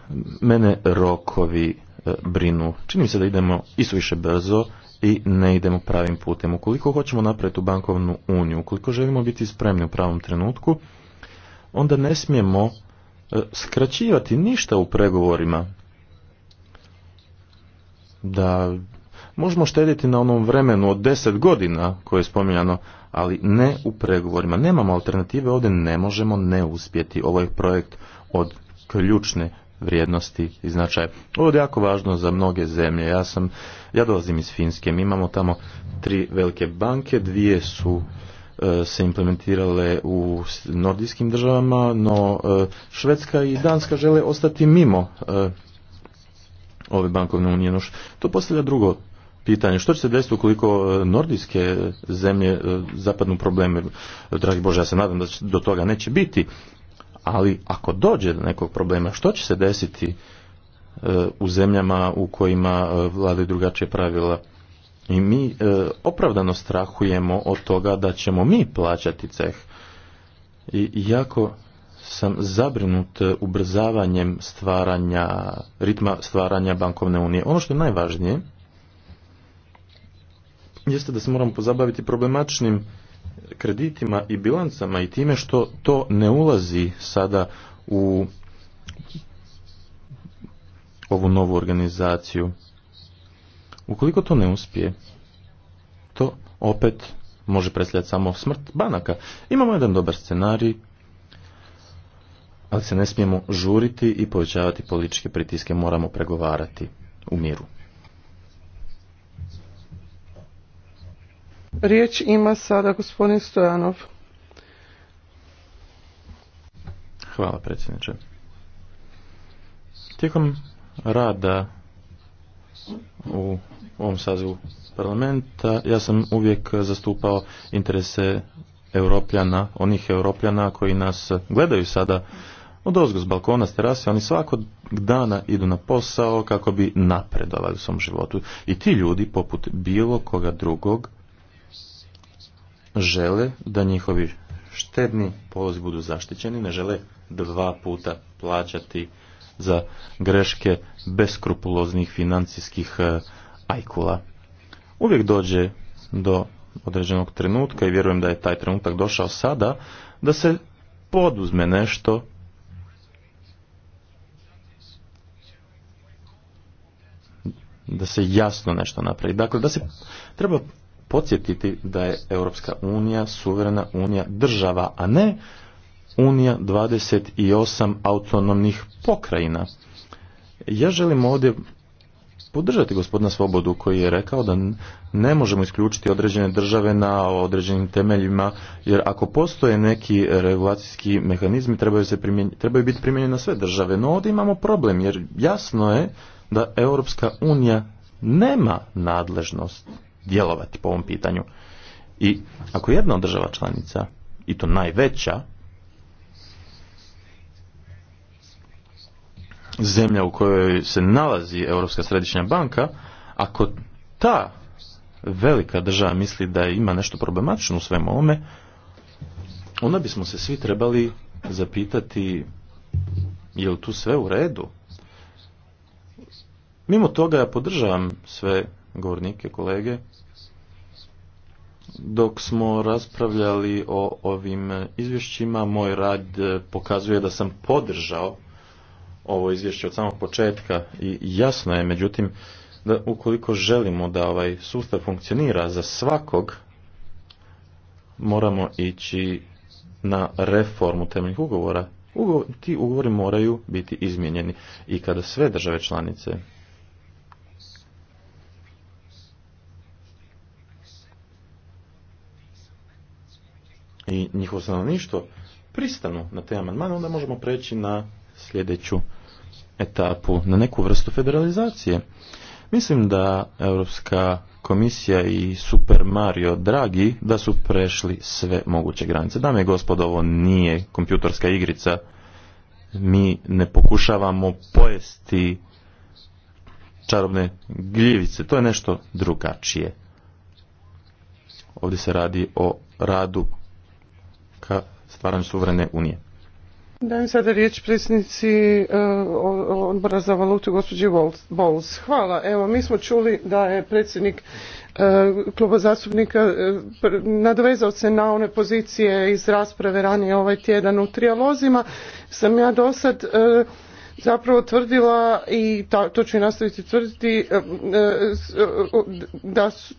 mene rokovi e, brinu. Čini se da idemo isuviše brzo i ne idemo pravim putem. Ukoliko hoćemo napraviti u bankovnu uniju, ukoliko želimo biti spremni u pravom trenutku, onda ne smijemo e, skraćivati ništa u pregovorima. Da možemo štediti na onom vremenu od deset godina koje je spominjano, ali ne u pregovorima. Nemamo alternative, ovdje ne možemo ne uspjeti. Ovo je projekt od ključne vrijednosti i značaje. Ovo je jako važno za mnoge zemlje. Ja sam, ja dolazim iz Finske. Mi imamo tamo tri velike banke, dvije su e, se implementirale u nordijskim državama, no e, Švedska i Danska žele ostati mimo e, ove bankovne unije. No, to postavlja drugo pitanje. Što će se desiti ukoliko nordijske zemlje zapadnu probleme? Dragi Bože, ja se nadam da do toga neće biti, ali ako dođe do nekog problema, što će se desiti e, u zemljama u kojima e, vlade drugačije pravila? I mi e, opravdano strahujemo od toga da ćemo mi plaćati ceh. I jako sam zabrinut ubrzavanjem stvaranja, ritma stvaranja bankovne unije. Ono što je najvažnije jeste da se moramo pozabaviti problematičnim kreditima i bilancama i time što to ne ulazi sada u ovu novu organizaciju. Ukoliko to ne uspije, to opet može predstavljati samo smrt banaka. Imamo jedan dobar scenarij, ali se ne smijemo žuriti i povećavati političke pritiske, moramo pregovarati u miru. Riječ ima sada gospodin Stojanov. Hvala predsjedniče. Tijekom rada u ovom sazivu parlamenta ja sam uvijek zastupao interese europljana, onih europljana koji nas gledaju sada od ozgo s balkona, s terase, oni svakog dana idu na posao kako bi napredovali u svom životu. I ti ljudi, poput bilo koga drugog, žele da njihovi štedni polozi budu zaštićeni, ne žele dva puta plaćati za greške beskrupuloznih financijskih e, ajkula. Uvijek dođe do određenog trenutka i vjerujem da je taj trenutak došao sada, da se poduzme nešto da se jasno nešto napravi. Dakle, da se treba podsjetiti da je Europska unija suverena unija država, a ne unija 28 autonomnih pokrajina. Ja želim ovdje podržati gospodina Svobodu koji je rekao da ne možemo isključiti određene države na određenim temeljima, jer ako postoje neki regulacijski mehanizmi trebaju, se primjenj, trebaju biti primjenjeni na sve države. No ovdje imamo problem jer jasno je da Europska unija nema nadležnost djelovati po ovom pitanju. I ako jedna od država članica, i to najveća, zemlja u kojoj se nalazi Europska središnja banka, ako ta velika država misli da ima nešto problematično u svemu ovome, onda bismo se svi trebali zapitati je li tu sve u redu. Mimo toga ja podržavam sve govornike, kolege. Dok smo raspravljali o ovim izvješćima, moj rad pokazuje da sam podržao ovo izvješće od samog početka i jasno je, međutim, da ukoliko želimo da ovaj sustav funkcionira za svakog, moramo ići na reformu temeljnih ugovora. ti ugovori moraju biti izmijenjeni i kada sve države članice i njihovo stanovništvo pristanu na te amandmane, onda možemo preći na sljedeću etapu, na neku vrstu federalizacije. Mislim da Europska komisija i Super Mario dragi da su prešli sve moguće granice. Dame i gospodo, ovo nije kompjutorska igrica. Mi ne pokušavamo pojesti čarobne gljivice. To je nešto drugačije. Ovdje se radi o radu stvaranju suverene unije. Dajem sada riječ predsjednici e, odbora za valutu gospođi Bowles. Hvala. Evo, mi smo čuli da je predsjednik e, kluba zastupnika e, nadovezao se na one pozicije iz rasprave ranije ovaj tjedan u trijalozima. Sam ja do sad zapravo tvrdila i to ću i nastaviti tvrditi eh, eh, da su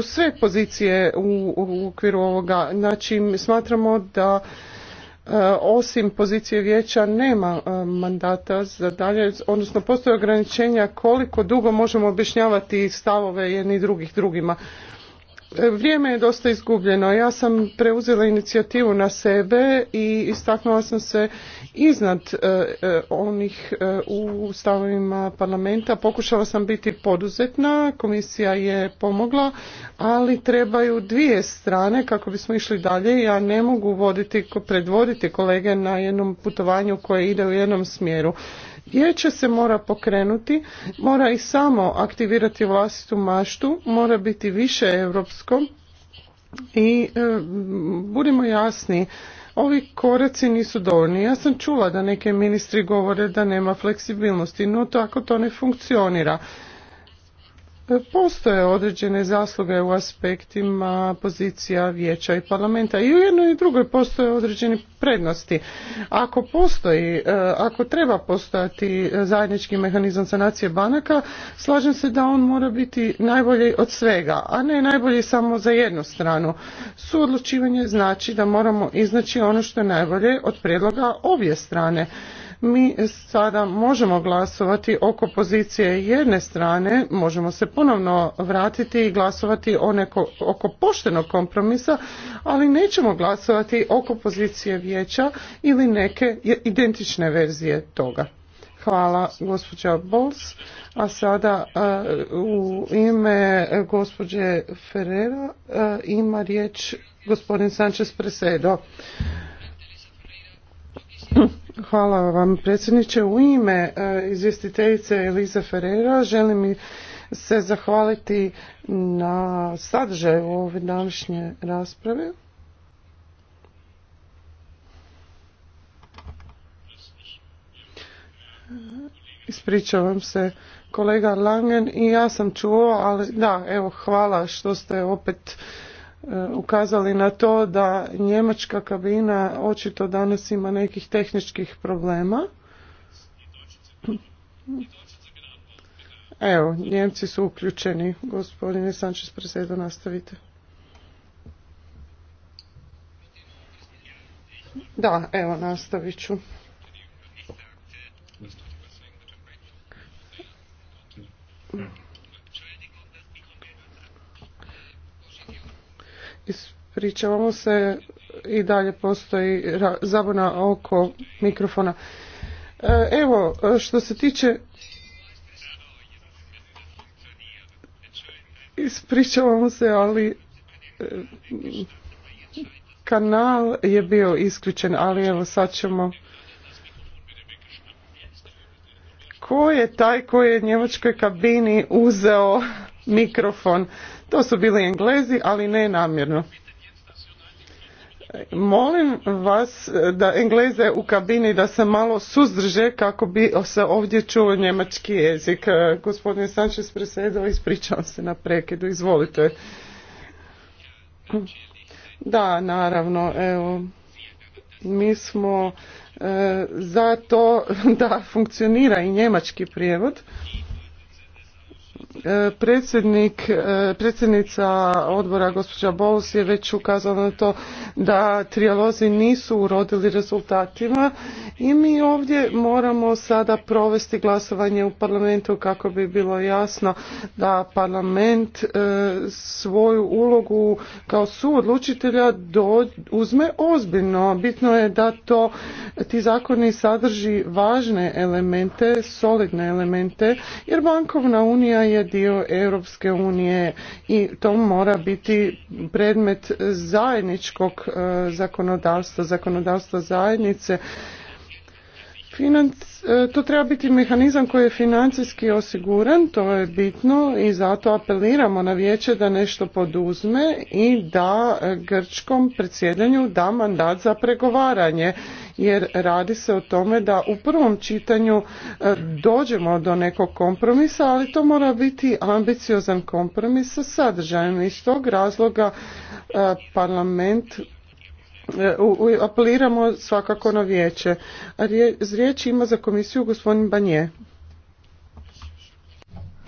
eh, sve pozicije u, okviru ovoga. Znači smatramo da osim pozicije vijeća nema mandata za dalje, odnosno postoje ograničenja koliko dugo možemo objašnjavati stavove jedni drugih drugima. Vrijeme je dosta izgubljeno. Ja sam preuzela inicijativu na sebe i istaknula sam se iznad e, e, onih e, u stavovima parlamenta. Pokušala sam biti poduzetna, komisija je pomogla, ali trebaju dvije strane kako bismo išli dalje. Ja ne mogu voditi, predvoditi kolege na jednom putovanju koje ide u jednom smjeru. Vijeće se mora pokrenuti, mora i samo aktivirati vlastitu maštu, mora biti više europsko i e, budimo jasni, ovi koraci nisu dovoljni. Ja sam čula da neke ministri govore da nema fleksibilnosti, no tako to ne funkcionira. Postoje određene zasluge u aspektima pozicija vijeća i parlamenta i u jednoj i drugoj postoje određene prednosti. Ako postoji, e, ako treba postojati e, zajednički mehanizam sanacije banaka, slažem se da on mora biti najbolji od svega, a ne najbolji samo za jednu stranu. Suodlučivanje znači da moramo iznaći ono što je najbolje od prijedloga obje strane mi sada možemo glasovati oko pozicije jedne strane, možemo se ponovno vratiti i glasovati oko poštenog kompromisa, ali nećemo glasovati oko pozicije vijeća ili neke identične verzije toga. Hvala gospođa Bols. A sada e, u ime gospođe Ferrera e, ima riječ gospodin Sanchez Presedo. Hvala vam predsjedniče. U ime e, izvjestiteljice Eliza Ferreira želim se zahvaliti na sadržaju ove današnje rasprave. Ispričavam se kolega Langen i ja sam čuo, ali da, evo hvala što ste opet E, ukazali na to da njemačka kabina očito danas ima nekih tehničkih problema. Evo, Njemci su uključeni. Gospodine Sančez Presedo, nastavite. Da, evo, nastavit ću. Ispričavamo se i dalje postoji zabuna oko mikrofona. E, evo, što se tiče Ispričavamo se, ali e, kanal je bio isključen, ali evo sad ćemo... Ko je taj koji je njemačkoj kabini uzeo mikrofon? To su bili Englezi, ali ne namjerno. Molim vas eh, da Engleze u kabini da se malo suzdrže kako bi se ovdje čuo njemački jezik. Eh, gospodin Sanchez presedao, ispričavam se na prekidu, izvolite. Da, naravno, evo, mi smo eh, za to da funkcionira i njemački prijevod. E, predsjednik, e, predsjednica odbora gospođa Bous je već ukazala na to da trijalozi nisu urodili rezultatima i mi ovdje moramo sada provesti glasovanje u parlamentu kako bi bilo jasno da parlament e, svoju ulogu kao suodlučitelja odlučitelja uzme ozbiljno. Bitno je da to ti zakoni sadrži važne elemente, solidne elemente jer bankovna unija je dio Europske unije i to mora biti predmet zajedničkog e, zakonodavstva, zakonodavstva zajednice E, to treba biti mehanizam koji je financijski osiguran, to je bitno i zato apeliramo na vijeće da nešto poduzme i da grčkom predsjedanju da mandat za pregovaranje jer radi se o tome da u prvom čitanju e, dođemo do nekog kompromisa, ali to mora biti ambiciozan kompromis sa sadržajem. Iz tog razloga e, parlament E, apeliramo svakako na vijeće. Riječ ima za komisiju gospodin Banje.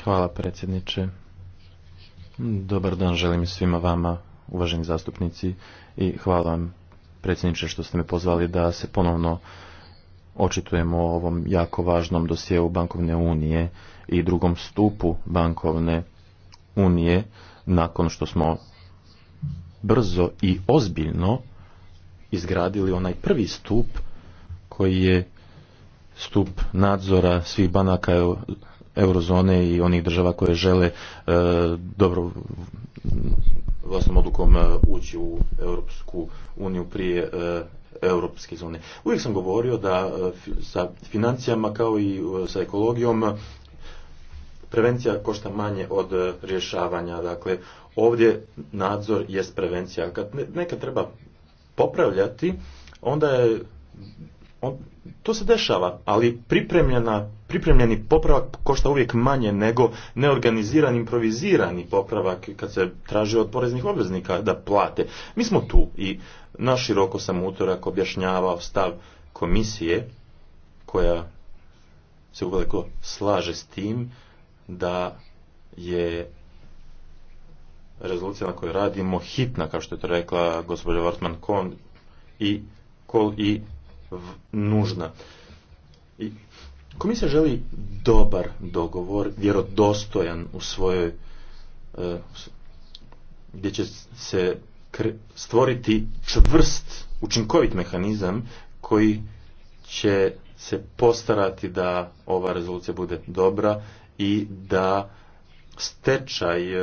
Hvala predsjedniče. Dobar dan želim svima vama, uvaženi zastupnici, i hvala vam predsjedniče što ste me pozvali da se ponovno očitujemo o ovom jako važnom dosjeu bankovne unije i drugom stupu bankovne unije nakon što smo brzo i ozbiljno izgradili onaj prvi stup koji je stup nadzora svih banaka eurozone i onih država koje žele e, dobro vlastnom odlukom e, ući u Europsku uniju prije e, europske zone. Uvijek sam govorio da e, sa financijama kao i e, sa ekologijom prevencija košta manje od rješavanja. Dakle, ovdje nadzor jest prevencija. Kad neka treba popravljati, onda je to se dešava, ali pripremljena, pripremljeni popravak košta uvijek manje nego neorganiziran, improvizirani popravak kad se traži od poreznih obveznika da plate. Mi smo tu i široko sam utorak objašnjavao stav komisije koja se uveliko slaže s tim da je rezolucija na kojoj radimo hitna, kao što je to rekla gospođa Vartman i kol i v, nužna. I komisija želi dobar dogovor, vjerodostojan u svojoj e, gdje će se stvoriti čvrst, učinkovit mehanizam koji će se postarati da ova rezolucija bude dobra i da stečaj, e,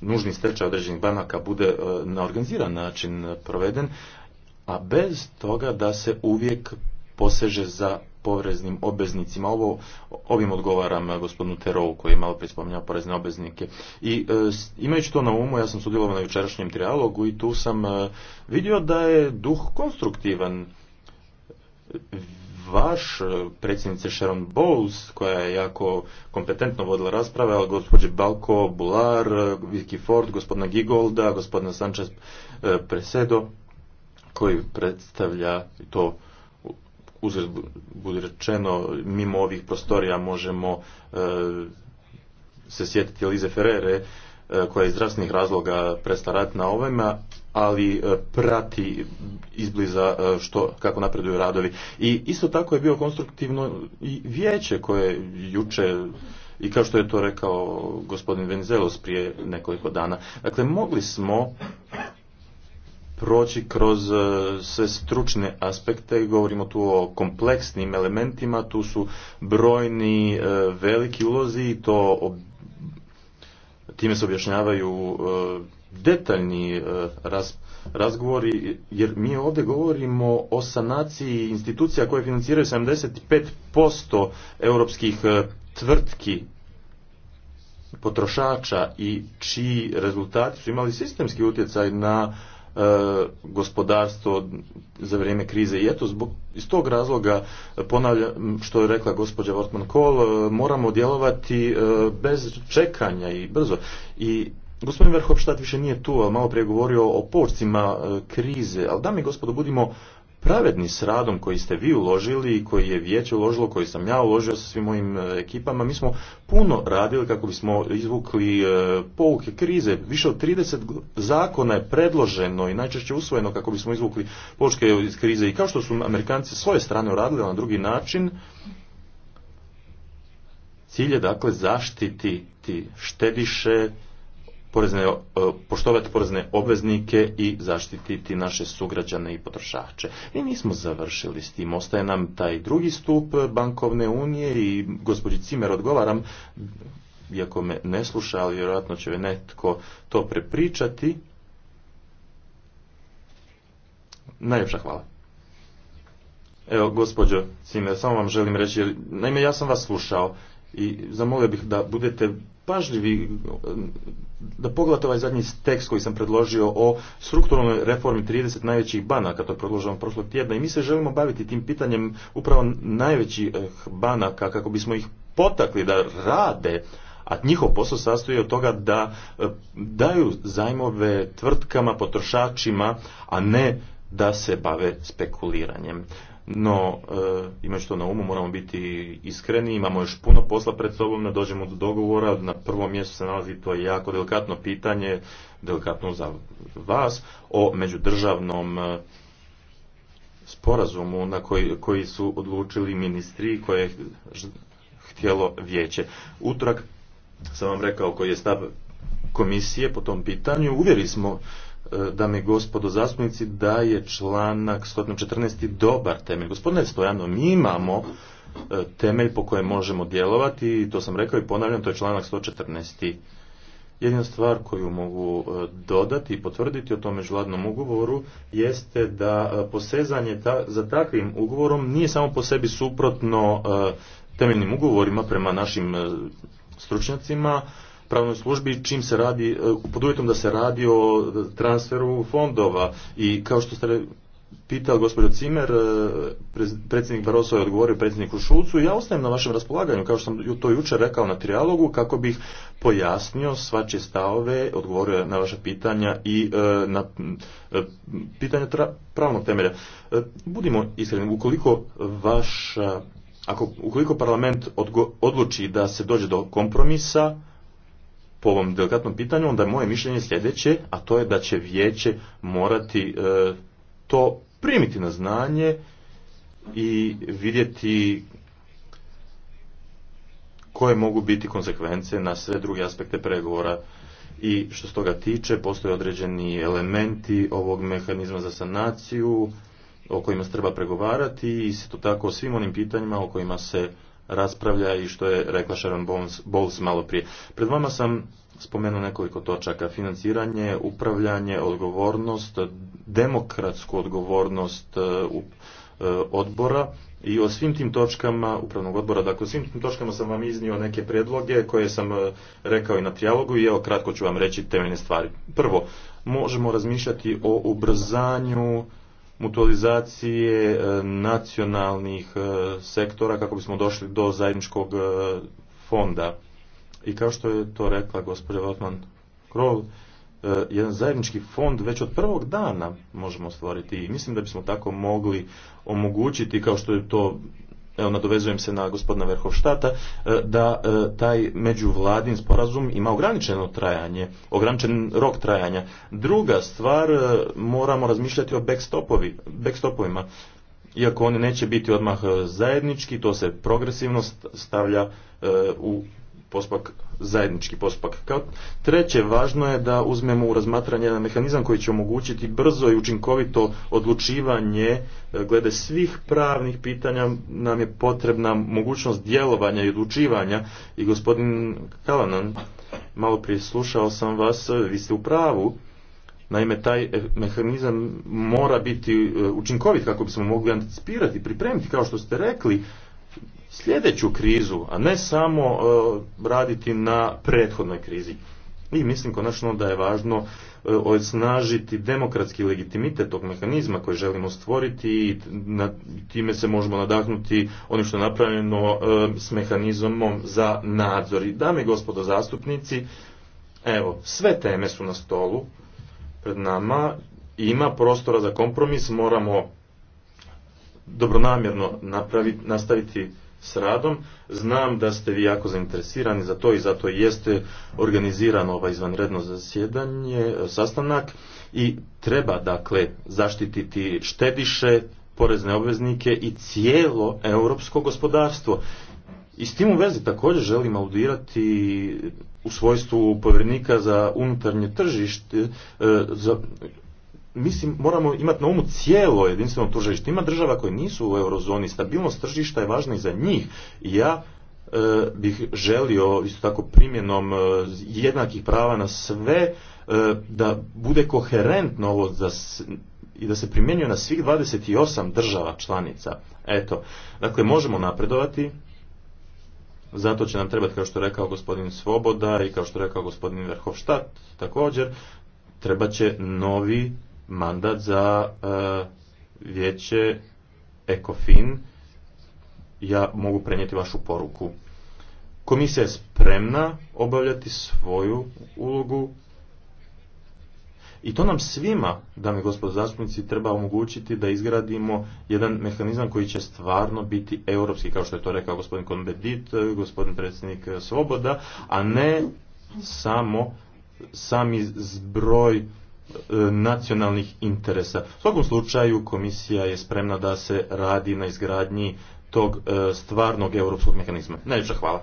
nužni stečaj određenih banaka bude e, na organiziran način proveden, a bez toga da se uvijek poseže za poreznim obveznicima. Ovo, ovim odgovaram gospodinu Terovu koji je malo prije porezne obveznike. I e, imajući to na umu, ja sam sudjelovao na jučerašnjem trijalogu i tu sam vidio da je duh konstruktivan. Vaš e, predsjednice Sharon Bowles, koja je jako kompetentno vodila rasprave, ali gospođe Balko, Bular, e, Vicky Ford, gospodina Gigolda, gospodina Sanchez e, Presedo, koji predstavlja to uzred bude rečeno, mimo ovih prostorija možemo se sjetiti Elize Ferrere, E, koja iz zdravstvenih razloga presta raditi na ovima, ali e, prati izbliza e, što, kako napreduju radovi. I isto tako je bilo konstruktivno i vijeće koje juče i kao što je to rekao gospodin Venizelos prije nekoliko dana. Dakle, mogli smo proći kroz sve stručne aspekte, govorimo tu o kompleksnim elementima, tu su brojni veliki ulozi i to time se objašnjavaju e, detaljni e, razgovori, jer mi ovdje govorimo o sanaciji institucija koje financiraju 75% europskih e, tvrtki potrošača i čiji rezultati su imali sistemski utjecaj na E, gospodarstvo za vrijeme krize i eto zbog iz tog razloga e, ponavljam što je rekla gospođa Wortman Kohl e, moramo djelovati bez čekanja i brzo i Gospodin Verhofstadt više nije tu, ali malo prije govorio o porcima krize, ali da mi gospodo, budimo pravedni s radom koji ste vi uložili i koji je vijeće uložilo, koji sam ja uložio sa svim mojim e, ekipama. Mi smo puno radili kako bismo izvukli e, pouke krize. Više od 30 zakona je predloženo i najčešće usvojeno kako bismo izvukli pouke iz krize. I kao što su Amerikanci svoje strane uradili na drugi način, cilj je dakle ti štediše, porezne, e, poštovati porezne obveznike i zaštititi naše sugrađane i potrošače. I nismo završili s tim, ostaje nam taj drugi stup bankovne unije i gospođi Cimer odgovaram, iako me ne sluša, ali vjerojatno će netko to prepričati. Najljepša hvala. Evo, gospođo Cimer, samo vam želim reći, naime, ja sam vas slušao i zamolio bih da budete pažljivi da pogledate ovaj zadnji tekst koji sam predložio o strukturnoj reformi 30 najvećih banaka, to je predloženo prošlog tjedna i mi se želimo baviti tim pitanjem upravo najvećih eh, banaka kako bismo ih potakli da rade, a njihov posao sastoji od toga da eh, daju zajmove tvrtkama, potrošačima, a ne da se bave spekuliranjem no e, imajući to na umu moramo biti iskreni, imamo još puno posla pred sobom, ne dođemo do dogovora, na prvom mjestu se nalazi to jako delikatno pitanje, delikatno za vas, o međudržavnom e, sporazumu na koji, koji su odlučili ministri koje je htjelo vijeće. Utrak sam vam rekao koji je stav komisije po tom pitanju, uvjeri smo E, dame i gospodo zastupnici, da je članak 114. dobar temelj. Gospodine Stojano, mi imamo e, temelj po kojem možemo djelovati i to sam rekao i ponavljam, to je članak 114. Jedina stvar koju mogu e, dodati i potvrditi o tom žladnom ugovoru jeste da posezanje za takvim ugovorom nije samo po sebi suprotno temeljnim ugovorima prema našim stručnjacima, pravnoj službi čim se radi, e, pod uvjetom da se radi o transferu fondova i kao što ste pitali, gospođo Cimer, e, predsjednik Barosova je odgovorio predsjedniku Šulcu ja ostajem na vašem raspolaganju, kao što sam to jučer rekao na trijalogu, kako bih pojasnio svačije stavove, odgovorio na vaša pitanja i e, na pitanja pravnog temelja. Budimo iskreni, ukoliko vaš, ako, ukoliko parlament odluči da se dođe do kompromisa, po ovom delikatnom pitanju, onda je moje mišljenje sljedeće, a to je da će vijeće morati e, to primiti na znanje i vidjeti koje mogu biti konsekvence na sve druge aspekte pregovora i što se toga tiče postoje određeni elementi ovog mehanizma za sanaciju o kojima se treba pregovarati i se to tako o svim onim pitanjima o kojima se raspravlja i što je rekla Sharon Bowles malo prije. Pred vama sam spomenuo nekoliko točaka. Financiranje, upravljanje, odgovornost, demokratsku odgovornost e, e, odbora i o svim tim točkama upravnog odbora, dakle o svim tim točkama sam vam iznio neke prijedloge koje sam e, rekao i na trijalogu i evo kratko ću vam reći temeljne stvari. Prvo, možemo razmišljati o ubrzanju mutualizacije e, nacionalnih e, sektora kako bismo došli do zajedničkog e, fonda. I kao što je to rekla gospođa Votman Kroll, jedan zajednički fond već od prvog dana možemo stvoriti i mislim da bismo tako mogli omogućiti kao što je to evo nadovezujem se na gospodina Verhofštata, e, da e, taj međuvladin sporazum ima ograničeno trajanje, ograničen rok trajanja. Druga stvar, e, moramo razmišljati o backstopovima. Iako oni neće biti odmah zajednički, to se progresivno stavlja u postupak, zajednički postupak. Kao treće, važno je da uzmemo u razmatranje jedan mehanizam koji će omogućiti brzo i učinkovito odlučivanje e, glede svih pravnih pitanja nam je potrebna mogućnost djelovanja i odlučivanja i gospodin Kalanan, malo prije slušao sam vas, e, vi ste u pravu, Naime, taj e, mehanizam mora biti učinkovit kako bismo mogli anticipirati, pripremiti, kao što ste rekli, sljedeću krizu, a ne samo e, raditi na prethodnoj krizi. I mislim konačno da je važno e, osnažiti demokratski legitimitet tog mehanizma koji želimo stvoriti i na, time se možemo nadahnuti onim što je napravljeno e, s mehanizmom za nadzor. I dame i gospodo zastupnici, evo, sve teme su na stolu pred nama, ima prostora za kompromis, moramo dobronamjerno napraviti, nastaviti s radom. Znam da ste vi jako zainteresirani za to i zato jeste organizirano ovaj izvanredno zasjedanje, e, sastanak i treba dakle zaštititi štediše, porezne obveznike i cijelo europsko gospodarstvo. I s tim u vezi također želim audirati u svojstvu povjerenika za unutarnje tržište, e, za mislim, moramo imati na umu cijelo jedinstveno tržište. Ima država koje nisu u eurozoni, stabilnost tržišta je važna i za njih. ja e, bih želio isto tako primjenom e, jednakih prava na sve e, da bude koherentno ovo i da se primjenjuje na svih 28 država članica. Eto, dakle možemo napredovati, zato će nam trebati, kao što je rekao gospodin Svoboda i kao što je rekao gospodin Verhofstadt također, treba će novi mandat za e, vijeće ECOFIN. Ja mogu prenijeti vašu poruku. Komisija je spremna obavljati svoju ulogu i to nam svima, dame i gospodo zastupnici, treba omogućiti da izgradimo jedan mehanizam koji će stvarno biti europski, kao što je to rekao gospodin Konbedit, gospodin predsjednik Svoboda, a ne samo sami zbroj E, nacionalnih interesa. U svakom slučaju komisija je spremna da se radi na izgradnji tog e, stvarnog europskog mehanizma. Najljepša hvala.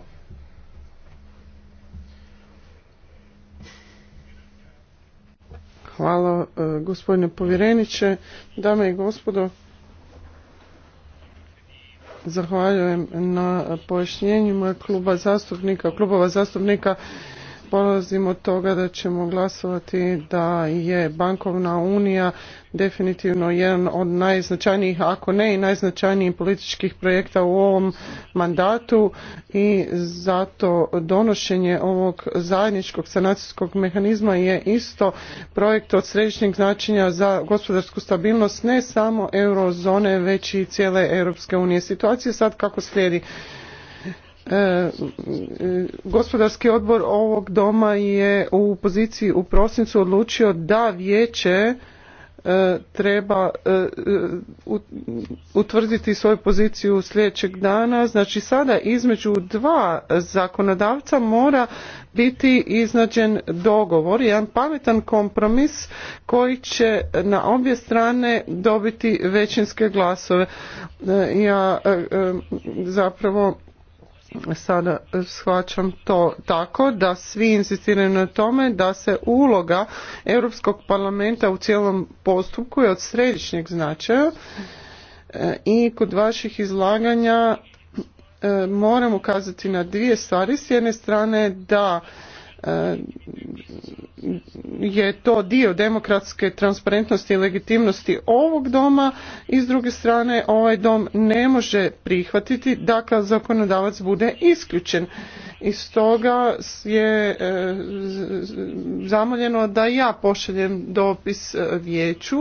Hvala e, gospodine povjereniče, dame i gospodo. Zahvaljujem na pojašnjenjima kluba zastupnika, klubova zastupnika polazim od toga da ćemo glasovati da je bankovna unija definitivno jedan od najznačajnijih, ako ne i najznačajnijih političkih projekta u ovom mandatu i zato donošenje ovog zajedničkog sanacijskog mehanizma je isto projekt od središnjeg značenja za gospodarsku stabilnost ne samo eurozone već i cijele Europske unije. Situacija sad kako slijedi E, gospodarski odbor ovog doma je u poziciji u prosincu odlučio da vijeće e, treba e, utvrditi svoju poziciju sljedećeg dana. Znači sada između dva zakonodavca mora biti iznađen dogovor, jedan pametan kompromis koji će na obje strane dobiti većinske glasove. Ja zapravo sada shvaćam to tako da svi insistiraju na tome da se uloga Europskog parlamenta u cijelom postupku je od središnjeg značaja e, i kod vaših izlaganja e, moram ukazati na dvije stvari. S jedne strane da E, je to dio demokratske transparentnosti i legitimnosti ovog doma i s druge strane ovaj dom ne može prihvatiti da kao zakonodavac bude isključen. I stoga je e, zamoljeno da ja pošaljem dopis e, vijeću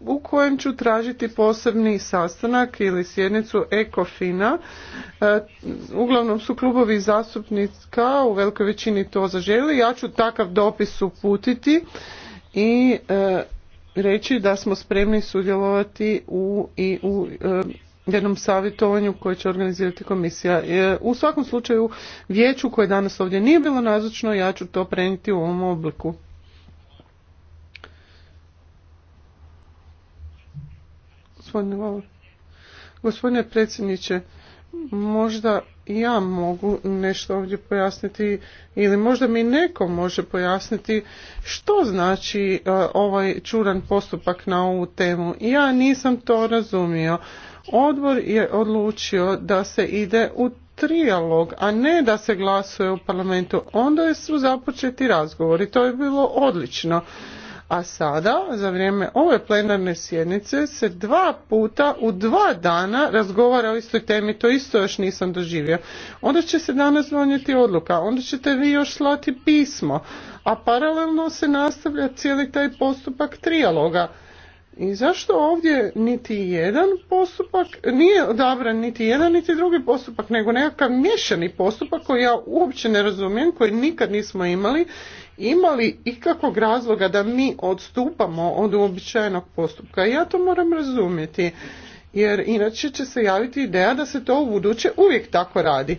u kojem ću tražiti posebni sastanak ili sjednicu ECOFINA. Uglavnom su klubovi zastupnika u velikoj većini to zaželi. Ja ću takav dopis uputiti i e, reći da smo spremni sudjelovati u i u e, jednom savjetovanju koje će organizirati komisija. E, u svakom slučaju vijeću koje danas ovdje nije bilo nazočno, ja ću to prenijeti u ovom obliku. Gospodine, gospodine predsjedniče, možda ja mogu nešto ovdje pojasniti ili možda mi neko može pojasniti što znači e, ovaj čuran postupak na ovu temu. Ja nisam to razumio. Odbor je odlučio da se ide u trijalog, a ne da se glasuje u parlamentu. Onda su započeti razgovori. To je bilo odlično. A sada, za vrijeme ove plenarne sjednice, se dva puta u dva dana razgovara o istoj temi, to isto još nisam doživio. Onda će se danas donijeti odluka, onda ćete vi još slati pismo, a paralelno se nastavlja cijeli taj postupak trijaloga. I zašto ovdje niti jedan postupak, nije odabran niti jedan niti drugi postupak, nego nekakav miješani postupak koji ja uopće ne razumijem, koji nikad nismo imali, imali ikakvog razloga da mi odstupamo od uobičajenog postupka. Ja to moram razumjeti, jer inače će se javiti ideja da se to u buduće uvijek tako radi.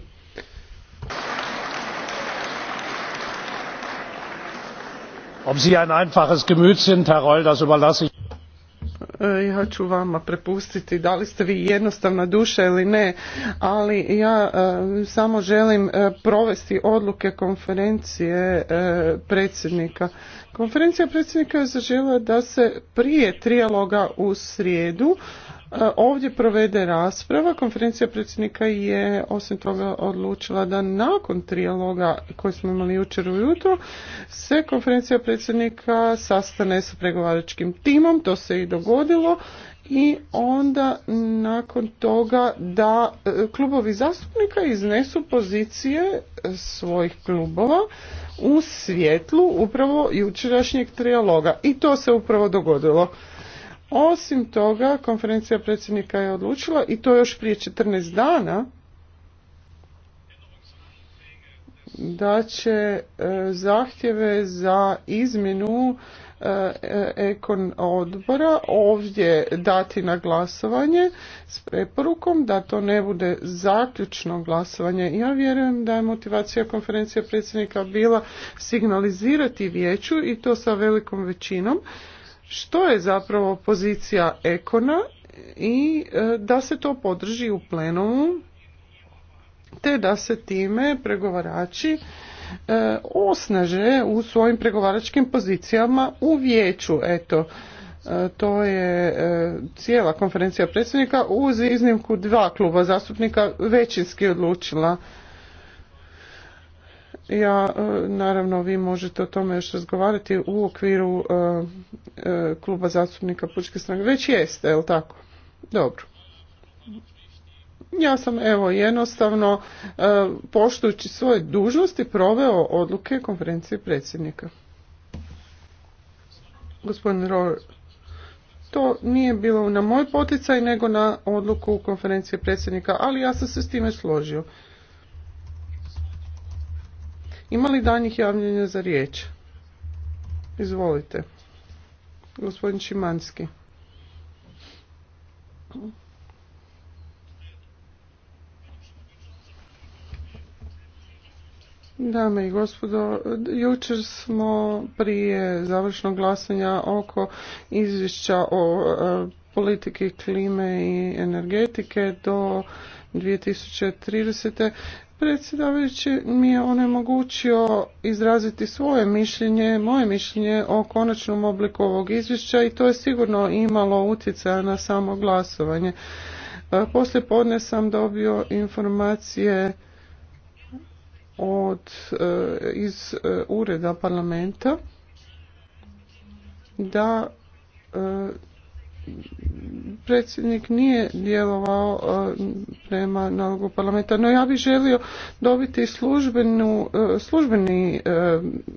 Ob Sie ein einfaches Gemüt sind, Herr das überlasse E, ja ću vama prepustiti da li ste vi jednostavna duša ili ne, ali ja e, samo želim e, provesti odluke konferencije predsjednika. Konferencija predsjednika je zažela da se prije trijaloga u srijedu E, ovdje provede rasprava. Konferencija predsjednika je osim toga odlučila da nakon trijaloga koji smo imali jučer ujutro se konferencija predsjednika sastane sa pregovaračkim timom, to se i dogodilo i onda nakon toga da e, klubovi zastupnika iznesu pozicije svojih klubova u svjetlu upravo jučerašnjeg trijaloga i to se upravo dogodilo. Osim toga, konferencija predsjednika je odlučila i to još prije 14 dana da će e, zahtjeve za izmjenu e, ekon odbora ovdje dati na glasovanje s preporukom da to ne bude zaključno glasovanje. Ja vjerujem da je motivacija konferencije predsjednika bila signalizirati vijeću i to sa velikom većinom što je zapravo pozicija Ekona i e, da se to podrži u plenumu te da se time pregovarači e, osnaže u svojim pregovaračkim pozicijama u vijeću. Eto, e, to je cijela konferencija predsjednika uz iznimku dva kluba zastupnika većinski odlučila ja, e, naravno, vi možete o tome još razgovarati u okviru e, e, kluba zastupnika Pučke stranke. Već jeste, je tako? Dobro. Ja sam, evo, jednostavno, poštujući svoje dužnosti, proveo odluke konferencije predsjednika. Gospodin Rohr, to nije bilo na moj poticaj, nego na odluku konferencije predsjednika, ali ja sam se s time složio. Ima li danjih javljenja za riječ? Izvolite. Gospodin Šimanski. Dame i gospodo, jučer smo prije završnog glasanja oko izvješća o e, politike klime i energetike do 2030. Predsjedavajući mi je onemogućio izraziti svoje mišljenje, moje mišljenje o konačnom obliku ovog izvješća i to je sigurno imalo utjecaja na samo glasovanje. E, poslije podne sam dobio informacije od, e, iz e, ureda parlamenta da predsjednik nije djelovao e, prema nalogu parlamenta, no ja bih želio dobiti službenu, e, službeni e,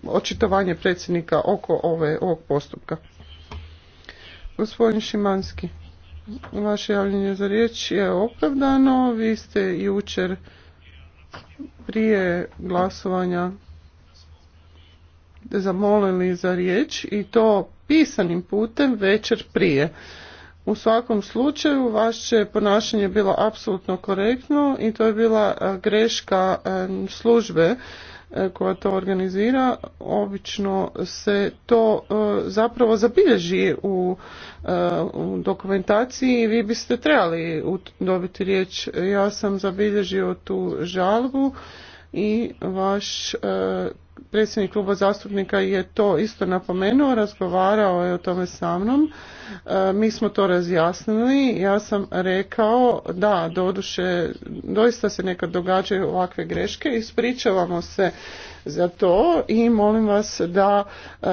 očitovanje predsjednika oko ove, ovog postupka. Gospodin Šimanski, vaše javljanje za riječ je opravdano. Vi ste jučer prije glasovanja zamolili za riječ i to pisanim putem večer prije. U svakom slučaju vaše ponašanje bilo apsolutno korektno i to je bila e, greška e, službe e, koja to organizira. Obično se to zapravo zabilježi u dokumentaciji i vi biste trebali dobiti riječ. Ja sam zabilježio tu žalbu i vaš predsjednik kluba zastupnika je to isto napomenuo, razgovarao je o tome sa mnom. E, mi smo to razjasnili. Ja sam rekao da, doduše, doista se nekad događaju ovakve greške. Ispričavamo se za to i molim vas da e,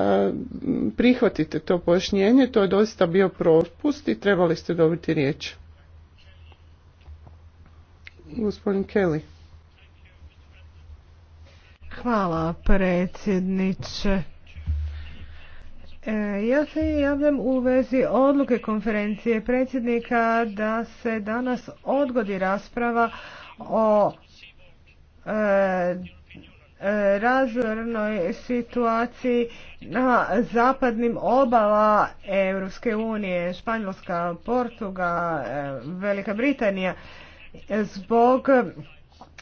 prihvatite to pojašnjenje. To je doista bio propust i trebali ste dobiti riječ. Gospodin Kelly. Hvala predsjedniče. E, ja se javljam u vezi odluke konferencije predsjednika da se danas odgodi rasprava o e, e, razornoj situaciji na zapadnim obala Europske unije, Španjolska, Portuga, Velika Britanija, zbog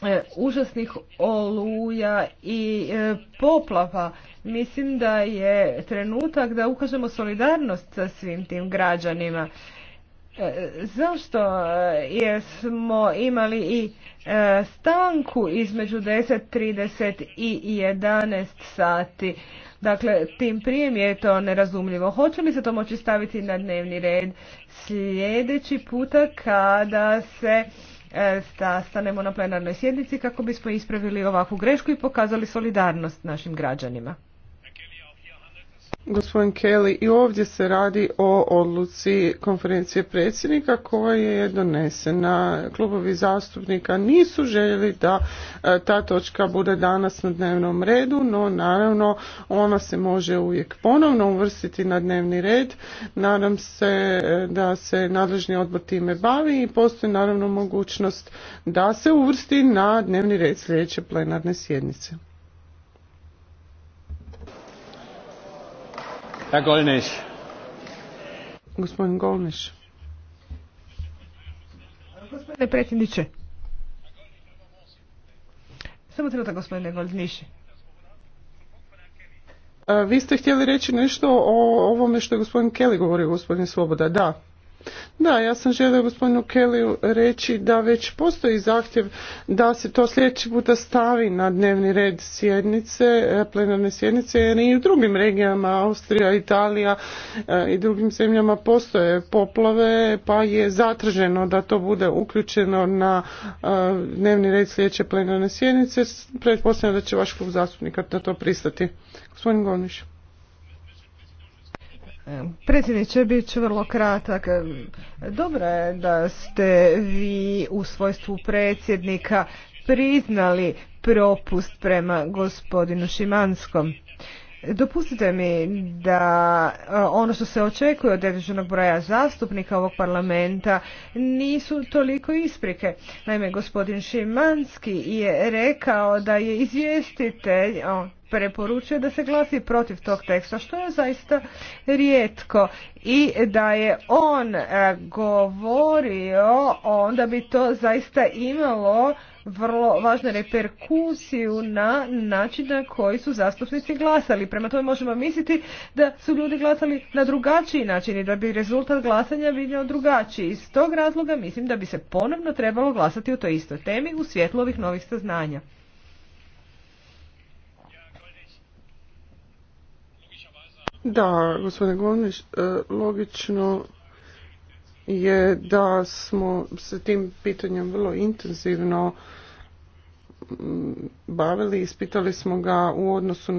E, užasnih oluja i e, poplava. Mislim da je trenutak da ukažemo solidarnost sa svim tim građanima. E, zašto jer smo imali i stanku između 10.30 i 11 sati. Dakle, tim prijem je to nerazumljivo. Hoće li se to moći staviti na dnevni red sljedeći puta kada se E, da stanemo na plenarnoj sjednici kako bismo ispravili ovakvu grešku i pokazali solidarnost našim građanima gospodin Kelly, i ovdje se radi o odluci konferencije predsjednika koja je donesena. Klubovi zastupnika nisu željeli da e, ta točka bude danas na dnevnom redu, no naravno ona se može uvijek ponovno uvrstiti na dnevni red. Nadam se e, da se nadležni odbor time bavi i postoji naravno mogućnost da se uvrsti na dnevni red sljedeće plenarne sjednice. Herr Golnisch. Gospodin Golniš. Gospodine predsjedniče. Samo trenutak gospodine Golniši. E, vi ste htjeli reći nešto o ovome što je gospodin Kelly govorio, gospodine Svoboda. Da. Da, ja sam želio gospodinu Kelly reći da već postoji zahtjev da se to sljedeći puta stavi na dnevni red sjednice, eh, plenarne sjednice, jer i u drugim regijama, Austrija, Italija eh, i drugim zemljama postoje poplave, pa je zatraženo da to bude uključeno na eh, dnevni red sljedeće plenarne sjednice. Pretpostavljam da će vaš klub zastupnika na to pristati. Gospodin Govniš. Predsjedniče, bit ću vrlo kratak. Dobro je da ste vi u svojstvu predsjednika priznali propust prema gospodinu Šimanskom. Dopustite mi da e, ono što se očekuje od određenog broja zastupnika ovog parlamenta nisu toliko isprike. Naime, gospodin Šimanski je rekao da je izvjestitelj, preporučuje da se glasi protiv tog teksta, što je zaista rijetko. I da je on e, govorio, onda bi to zaista imalo vrlo važnu reperkusiju na način na koji su zastupnici glasali. Prema tome možemo misliti da su ljudi glasali na drugačiji način i da bi rezultat glasanja bio drugačiji. Iz tog razloga mislim da bi se ponovno trebalo glasati o toj istoj temi u svjetlu ovih novih saznanja. Da, gospodine Govniš, e, logično je da smo se tim pitanjem vrlo intenzivno bavili, ispitali smo ga u odnosu